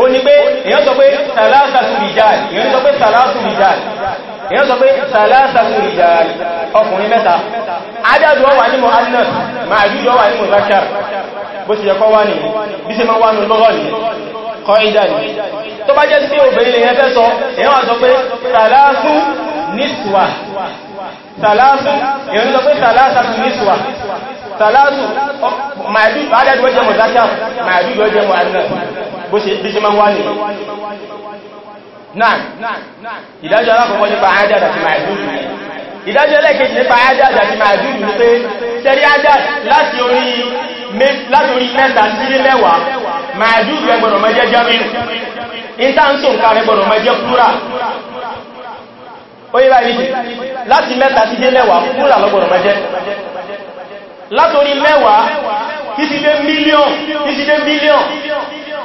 A: ó ní pé èyàn sọ pé sàlásà sùbìjáàlì èyàn sọ pé sàlásàkù ìdàrí ọkùnrin mẹ́ta ajájú wọ́n wà ní mohannas ma àjújọ wà ní mozakar bó ti yẹkọ́ wá ní bí se ma wá ní lọ́rọ̀ ní kọ́ ìdàrí tó bá jẹ́ sí obìnrin lè yẹfẹ́ sọ èyàn wà sọ pé sàlásù nísùwà sàlásù èyàn sọ pé sàlásàkù nísùwà sàlásù ajájú wọ́n jẹ́ mozakar ma àjújọ jẹ́ mohannas bó se ma wá ní
B: náà ìdájọ́ alákọ̀ọ́kọ́ nípa ajá àti màájúrù
A: ìdájọ́ ẹlẹ́kejì nípa ajá àti màájúrù ní pé tẹ́rí ajá láti orí mẹ́ta sí mẹ́wàá màájúrù ẹgbọ̀nà mẹ́jẹ́ jẹ́mìn intanso nǹkan ẹgbọ̀nà mẹ́jẹ́ plural ó yẹ báyìí láti mẹ́ta sí mẹ́wàá plural lọ́gbọ̀nà mẹ́jẹ́ látorí mẹ́wàá
B: títí dé mílíọ̀n títí dé mílíọ̀n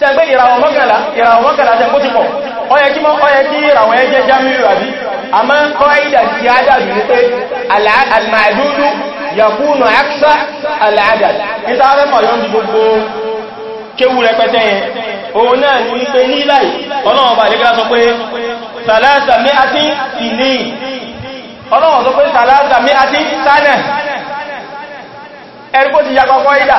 B: ṣe gbé ìràwọ̀ mọ́kànlá ìràwọ̀ mọ́kànlá ṣe kó ti pọ̀
A: ọyẹ kí ìràwọ̀ ẹjẹ́ jámílù àbí a máa ń kọ́ ìdà sí ájàdù ní pé alàádùdù yàkúnà àkṣà alàádà níta rẹ̀ mọ̀ yọ́n di gbogbo kéwú rẹpẹtẹ yẹn òun náà ní wípé ní ìlàì ọlọ́wọ̀n bá lẹ́gbẹ́ sọ pé sàlásà mẹ́ àti ìní ọlọ́wọ̀n sọ pé sàlásà mẹ́ àti sánà ẹ̀rí kó ti yà kọ́kọ́ ìdà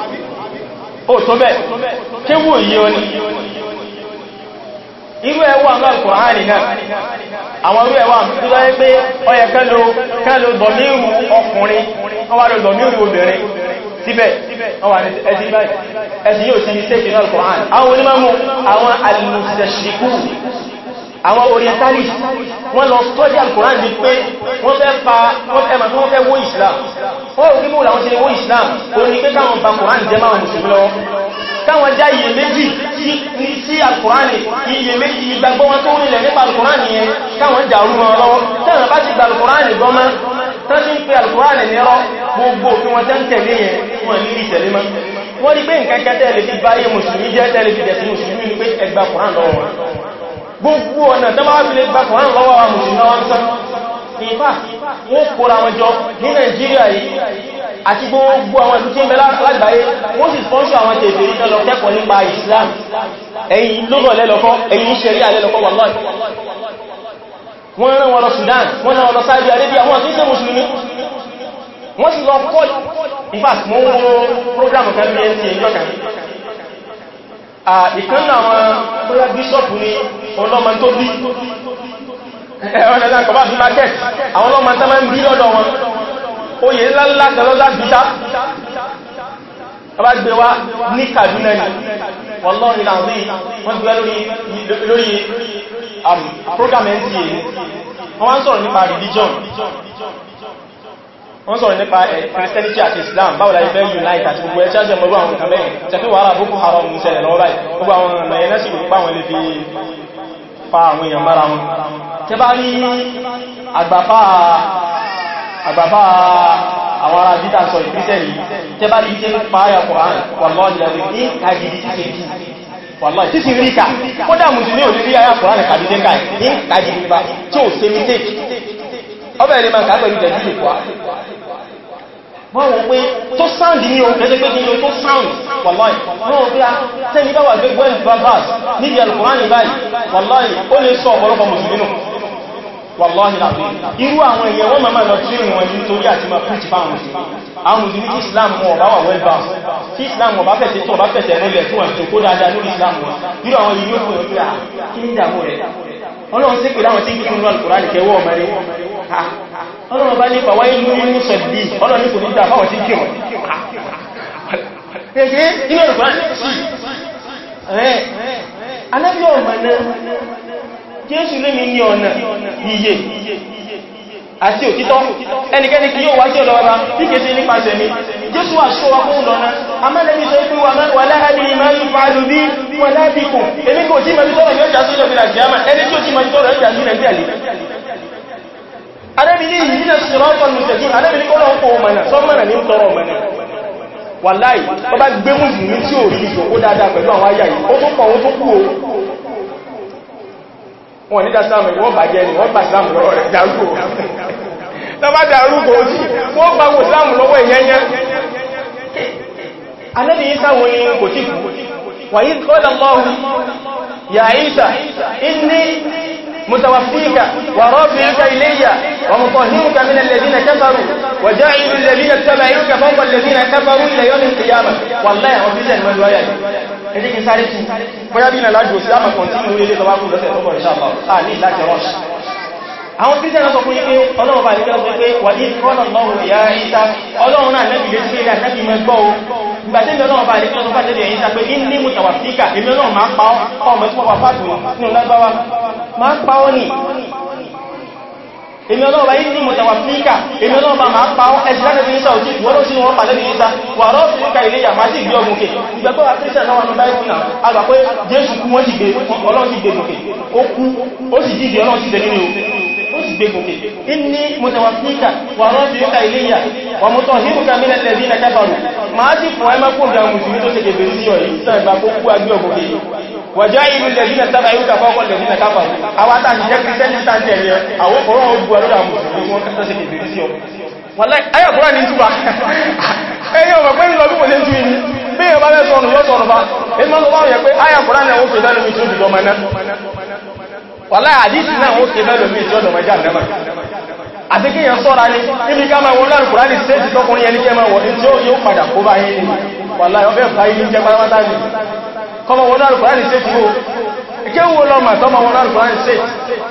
A: ó tó bẹ́ kí wò yí o ní irú ẹwà náà kò hàn ní náà àwọn irú ẹwà
C: tó lọ́yẹ́ pé ọyẹ kẹ́lò kẹ́lò dọ̀míhù ọkùnrin wọ́n wá lọ dọ̀míhù
A: obìnrin síbẹ̀ ẹ̀sìn yóò sí ní sẹ́kì náà kò hàn àwọn orientalist wọ́n lọ study al-Qur'an bí pé wọ́n fẹ́ pa ẹmà tí wọ́n fẹ́ wó islam wọ́n rò kíbò làwọn ṣe wó islam o ní pé káwọn bá Qur'an jẹ́ máa mùsùlùmí lọ káwọn já iye méjì sí al-Qur'an iye méjì ìgbàgbọ́ wọn tó nílẹ̀ nípa al-Qur'an yẹn káwọn jà orú wọn lọ́wọ́ tẹ́wọ̀n bá ti gba al-Qur'an gọ́mọ́ tán ti ń pe al-Qur'an nírọ́ gbogbo tí wọ́n tẹ́ ń tẹ̀lé yẹn wọ́n ní ìtẹ̀lé mọ́ wọ́n rí pé nǹkan kẹ́tẹ́lẹ̀ fi báyé mùsùlùmí jẹ́ tẹ́lẹ̀ fi dẹ̀sí mùsùlùmí ní pé ẹgbà Qur'an lọ́wọ́ gbogbo ọ̀nà tọ́bá fi lè gbà kọ̀wọ́n lọ́wọ́ wa mùsùlùmí wọn sọ ìfà wọ́n kóra wọn jọ ní nàìjíríà yìí àti gbogbo àwọn ìlú tí ń bẹ lágbàáyé wọ́n sì spọ́nṣọ́ àwọn tèèfè ní tọ́lọ kẹ́kọ̀ọ́ nípa Islam ẹ̀yìn lọ́gọ̀ lẹ́lọ́kọ́ ẹ̀yìn ṣẹ̀ríà lẹ́lọ́kọ́ wàlọ́ì wọ́n rán wọn lọ Sudan wọ́n rán wọn lọ Saudi Arabia ìkánlá àwọn bóyá bíṣọ́pù ni ọlọ́mọ tó bí ẹ̀rọ̀nà ìlànkọ̀bá fi market àwọn ọlọ́mọ tó máa ń bí lọ́dọ̀ wọn oyè ńláńlá galọ́lá bíta
B: ọba gbé wá ní Kaduna ni wọ́lọ́rin láàrin wọ́n ti gbá lórí um, program nta wọ́n wá ń sọ̀rọ̀ nípa religion
A: wọ́n sọ̀rọ̀ nípa eh, Christianity àti Islam báwo la ibẹ̀ unite àti gbogbo ẹ̀ṣẹ́ àti ọmọ àwọn kàmẹ́ tẹ́fí wàhálà Boko Haram ń ṣẹlẹ̀ lọ́wọ́ báyìí gbogbo àwọn ọmọ ẹ̀yẹn sì wípá wọn lè fi fa àwọn èèyàn mára wọn tẹ́ bá rí àgbàfà àwọn ará dídà sọ ìpínlẹ̀ yìí tẹ́ bá rí tí ń pààyà Kùránì wàlọ́ọ̀dì lẹ́rí ní kàgìdì títẹ̀ jù wàlá títí rí ká kódà mùsùlùmí ò ní rí ayá kòránì kàdídé ká ní kàdídé bá tí ò se mistake ọbẹ̀ ilé máa kàá pẹ̀lú jẹ̀dídé kọ́
B: wọ́n wọ́n pé tó sound ní ohun ẹgbẹ́ gbogbo tó sound wàláì wọ́n wọ́n pé a ah, tẹ́ni bá wà gbé well barbers
A: níbi alkùnránì báyìí wàláì ó lè sọ ọ̀pọ̀lọpọ̀ mùsùlùmí wàláì láti irú àwọn èèyàn wọ́n máa lọ tí wọ́n ní torí àti máa preach fáwọn mùsùlùmí àwọn mùsùlùmí tí Islam wọn bá wà well bars tí Islam wọn bá fẹ̀sẹ̀ tó bá fẹ̀sẹ̀ lólẹ̀ tí wọ́n tó kó dáadáa lórí Islam wọn irú àwọn yìí yóò pè é kí ń dàmú rẹ̀ ọlọ́run sí pè láwọn tí ń kí ọlọ́run bá ní pàwọ́ ìlú inú sọ̀dí ọlọ́run kò ní dá fáwọn tí kí wọ́n ẹgbẹ́ inú ọ̀rọ̀ sí
B: rẹ̀ anábí ọmọ náà jésù lé mi ní ọ̀nà iye àti òtítọ́ ẹnikẹ́ni kí yóò wá sí ọ̀dọ̀ bàbá tí kèsí nípasẹ̀ mi
A: jésù wà ṣọ́wà fún ìlọ́nà amẹ́lẹ́bí sọ pé wà láàárín ìmáyí fàájú bí wà láàbíkùn èmi kò tí mẹ́bí tọ́rọ yóò jà sí ìjọba ìlàjì arábìnrin wàláì tó bá gbé mùsùlùmí tí ò rí ìṣò ó dáadáa pẹ̀lú àwọn ó tó pọ̀ ó tó kú o wọn nídá sáàmù wọ́n bàjẹ́ ni wọ́n gbà sáàmù lọ́wọ́ rẹ̀ dárúkò tọ́bá dárúkò sí wọ́n gbà wò sáàmù lọ́wọ́ ìyẹnyẹ متوفيك ورافعك إلي ومطهرك من الذين كفروا وجاعل الذين اتبعوك فوق الذين كفروا إلى يوم القيامة والله وفيزا من الولايات ẹjẹ́ kí sáré tí bóyá bí ìrìnlájò sí àmàkàn tí ìrìnlẹ́ tọwákùn lọ́sẹ̀ tọ́bọ̀ ìṣàpá àà ní rọ́ṣì àwọn christian sọ fún ipé ọlọ́run bá nígbà fún ipé wà ní ìfọ́nà lọ́rùn ìyá ìta ọlọ́run náà lẹ́bì létí rẹ̀ àtẹ́bì mẹ́ gbọ́ o ìgbàtí ìjọ náà bá lè tọ́jú bá lẹ́bì ẹ̀yìn tàbí ní mú tàwà fíkà èmi náà máa pa ọ́ ọmọ ẹ̀kọ́ pàpà tó nínú lágbáwá máa pa ọ́ ní èmi ọlọ́ọ̀bá yìí ní mọ̀tàwà fíkà èmi ọlọ́ọ̀bá máa pa ọ́ ẹ̀sì láti fi ní sáà òjì wọ́n ló sí wọn pàdé ní ìta wà rọ́ sí ká ilé yàmá sí ìgbé ọgbùnkè ìgbẹ́gbọ́ àkírísà náà wọn báyìí náà agbà pé jésù kú wọ́n sì gbé ọlọ́ọ̀sì gbé gòkè ó kú ó sì jíjẹ ọlọ́ọ̀sì tẹ́lẹ̀ sì gbé gòkè inni mutawafika wà rántí yóò ka iléyà wà mọ́tọ̀ hírùka mílẹ̀ lẹ́bí na kábàrù máa sì fún ẹmọ́ kó ga mùsùlùmí tó ṣe kèfèrí sí ọ̀yí sàgbà kó kú agbé ọgòkè wà já ìlú lẹ́bí na sábà yóò kàfọ́ ọkọ̀ lẹ́bí na kábàrù awátà ti jẹ́ kìrìsẹ́ni sáńtẹ̀lì ẹ̀ àwọn ọ̀rọ̀ ogun alóra mùsùlùmí wọn kẹta ṣe kèfèrí sí ọ wàláì ayàkùrá ní túbà ẹ̀yẹ́ ọmọ pẹ́lú lọ bí wọ́n lé jú ìní bí ẹ̀bá mẹ́sọ̀nù yọ́ sọ̀rọ̀ bá ẹ̀mọ́ lọ́wọ́ yẹ pé ayàkùrá ní àwọn òfin ìdánimí tó dùdọ́ wàlá àdísì náà ó ṣe mẹ́lòmí tí ọdọ̀ mẹ́jà nẹ́mà àti kí yẹn sọ́ra ní ibi ká máa wọn láàrín kùrá ní stéètì tọkùnrin ẹni kẹ́ máa wọ̀ ní tí ó yóò padà kó bá yìí wàlá ọ̀fẹ́ bá yìí jẹ́ pátápátá ní kọmọ wọn láàrín kùrá ní stéètì
C: ó kéwò lọ mà tọmọ wọn láàrín kùrá ní stéètì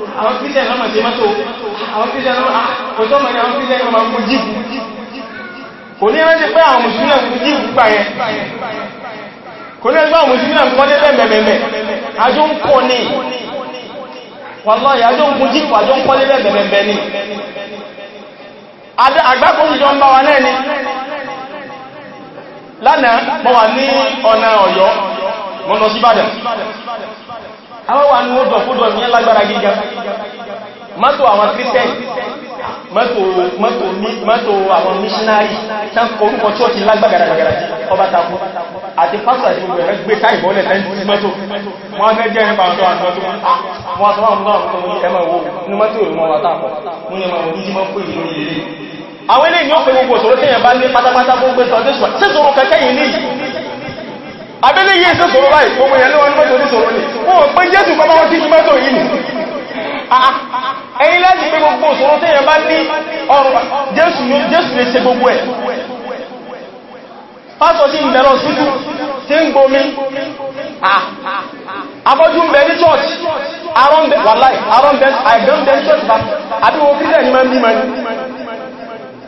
A: àwọn kírísẹ̀ lọ́mọ̀ sí mọ́tò àwọn kírísẹ̀ lọ́mọ̀ ọjọ́ mẹ́rin àwọn kírísẹ̀ lọ́mọ̀ kú jíìpù kò ní rántí pé àwọn mùsùlùmí kú jíìpù gbà yẹn kò ní ẹgbẹ́ àwọn mùsùlùmí kọ́ dé bẹ̀mẹ̀mẹ̀ àjọ ń kọ́ ní wàlọ́yà àjọ ń kú jíìpù àwọn wà ní wọ́dọ̀ fúdọ̀ ní lágbára gíga mọ́tò àwọn christian mọ́tò àwọn missionary tán korúkọ chọ́ọ̀tì lágbàgàdàgbàgàdà ọba takú àti pásọ̀ àti gbogbo ẹ̀rẹ́ gbé káì bọ́ọ̀lẹ̀ tẹ́ mọ́tò wọ́n fẹ́ jẹ́ nípa àwọn àwọn àwọn àwọn ilé ìyọ́pẹ̀ gbogbo òṣòro tí èyàn bá ní pátápátá gbogbo ìtọ́jú ṣẹ́sọ̀rọ̀ kẹ́kẹ́ yìí ní abẹ́lé yẹ́ ṣe sọ̀rọ̀ báyìí gbogbo ìyẹn lọ́wọ́ mọ́tò ní sọ̀rọ̀ ní wọ́n pẹ́ jésù pàpá wọ́n tí kí mọ́tò yìí nì ẹ̀yìn láti pé gbogbo sọ̀rọ̀ tẹ́yàn bá ní ọrùn jésù lè ṣe gbogbo ẹ̀ pásọ̀ sí ìbẹ̀rọ sútù tí ń gbomi ah, ah, ah. afọ́jú ń bẹ ní church arọ́ǹdẹ̀ wàláì arọ́ǹdẹ̀ àìgbẹ̀rọ̀ǹdẹ̀ church bá àbíwọ̀ kílẹ̀ ní mẹ́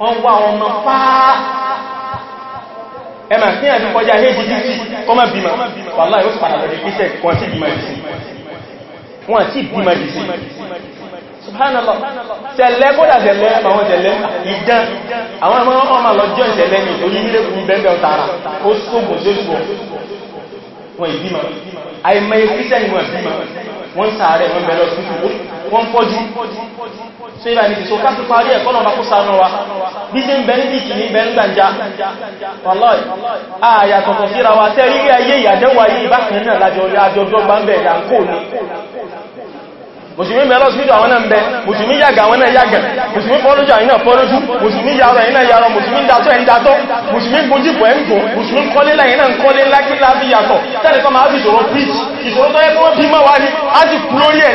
A: wọ́n wá ọmọ fáà
B: ẹmà sí àti kọjá hejì títí kọmọ bímọ wàlá yóò padà lọ ìpínṣẹ́ kan sí bímọ jìsí
A: wọ́n sí bímọ jìsí subhanallah tẹ̀lẹ́ kódà tẹ̀lẹ́ àwọn tẹ̀lẹ́ ìdán àwọn ọmọ ọmọ lọ́jọ́ ìtẹ̀lẹ́ ní orí nílé kùn bẹ́ẹ̀ ọ̀tara ó sóògùn tó sùọ̀ wọ́n ìbímọ àìmọ̀ ìpínṣẹ́ ni wọ́n bímọ wọ́n sàárẹ̀ wọ́n bẹ̀rẹ̀ so ibà ní ti so káàkiri parí ẹ̀kọ́ náà kó sánú wa bí sí ń bẹ ní dìkì ní bẹ ń gbànjá wàlọ́ì ààyà tọ̀tọ̀ síra wa tẹ́ rírí ayé ìyàdẹ́wà yìí ìbákan náà lájọ àjọjọ́ gbáǹbẹ̀ ìdàkó ni mùsùlùmí mẹ́lọ́ sí àwọn náà ń bẹ mùsùlùmí yàgà àwọn náà yàgà mùsùlùmí fọ́lójú àìnà fọ́lójú mùsùlùmí yàrọ ẹ̀yìn náà yàrọ mùsùlùmí dátọ́ ẹ̀yìn dátọ́ mùsùlùmí gbójúbò ẹ̀ǹkò mùsùlùmí kọ́lé lẹ́yìn náà kọ́lé lákílábí yàtọ̀ tẹ́lẹ̀kọ́ máa fi ìṣòro pí ìṣòro tó yẹ kọ́ bí mọ́ wá ní á sì kú lórí ẹ̀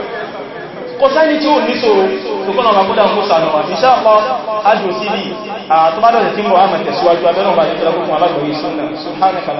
A: kò sẹ́ni tí ó ní ṣòro tó kọ́nà ọmọ kódà mú sànà wà insha Allah ájò sí ní àtọ́bádọ̀dẹ̀ tí mọ̀ àmà tẹ̀síwájú abẹ́rùn-ún bá jẹ́ tẹ́lẹ́kùn alágbòrí sọ́nà subhanaka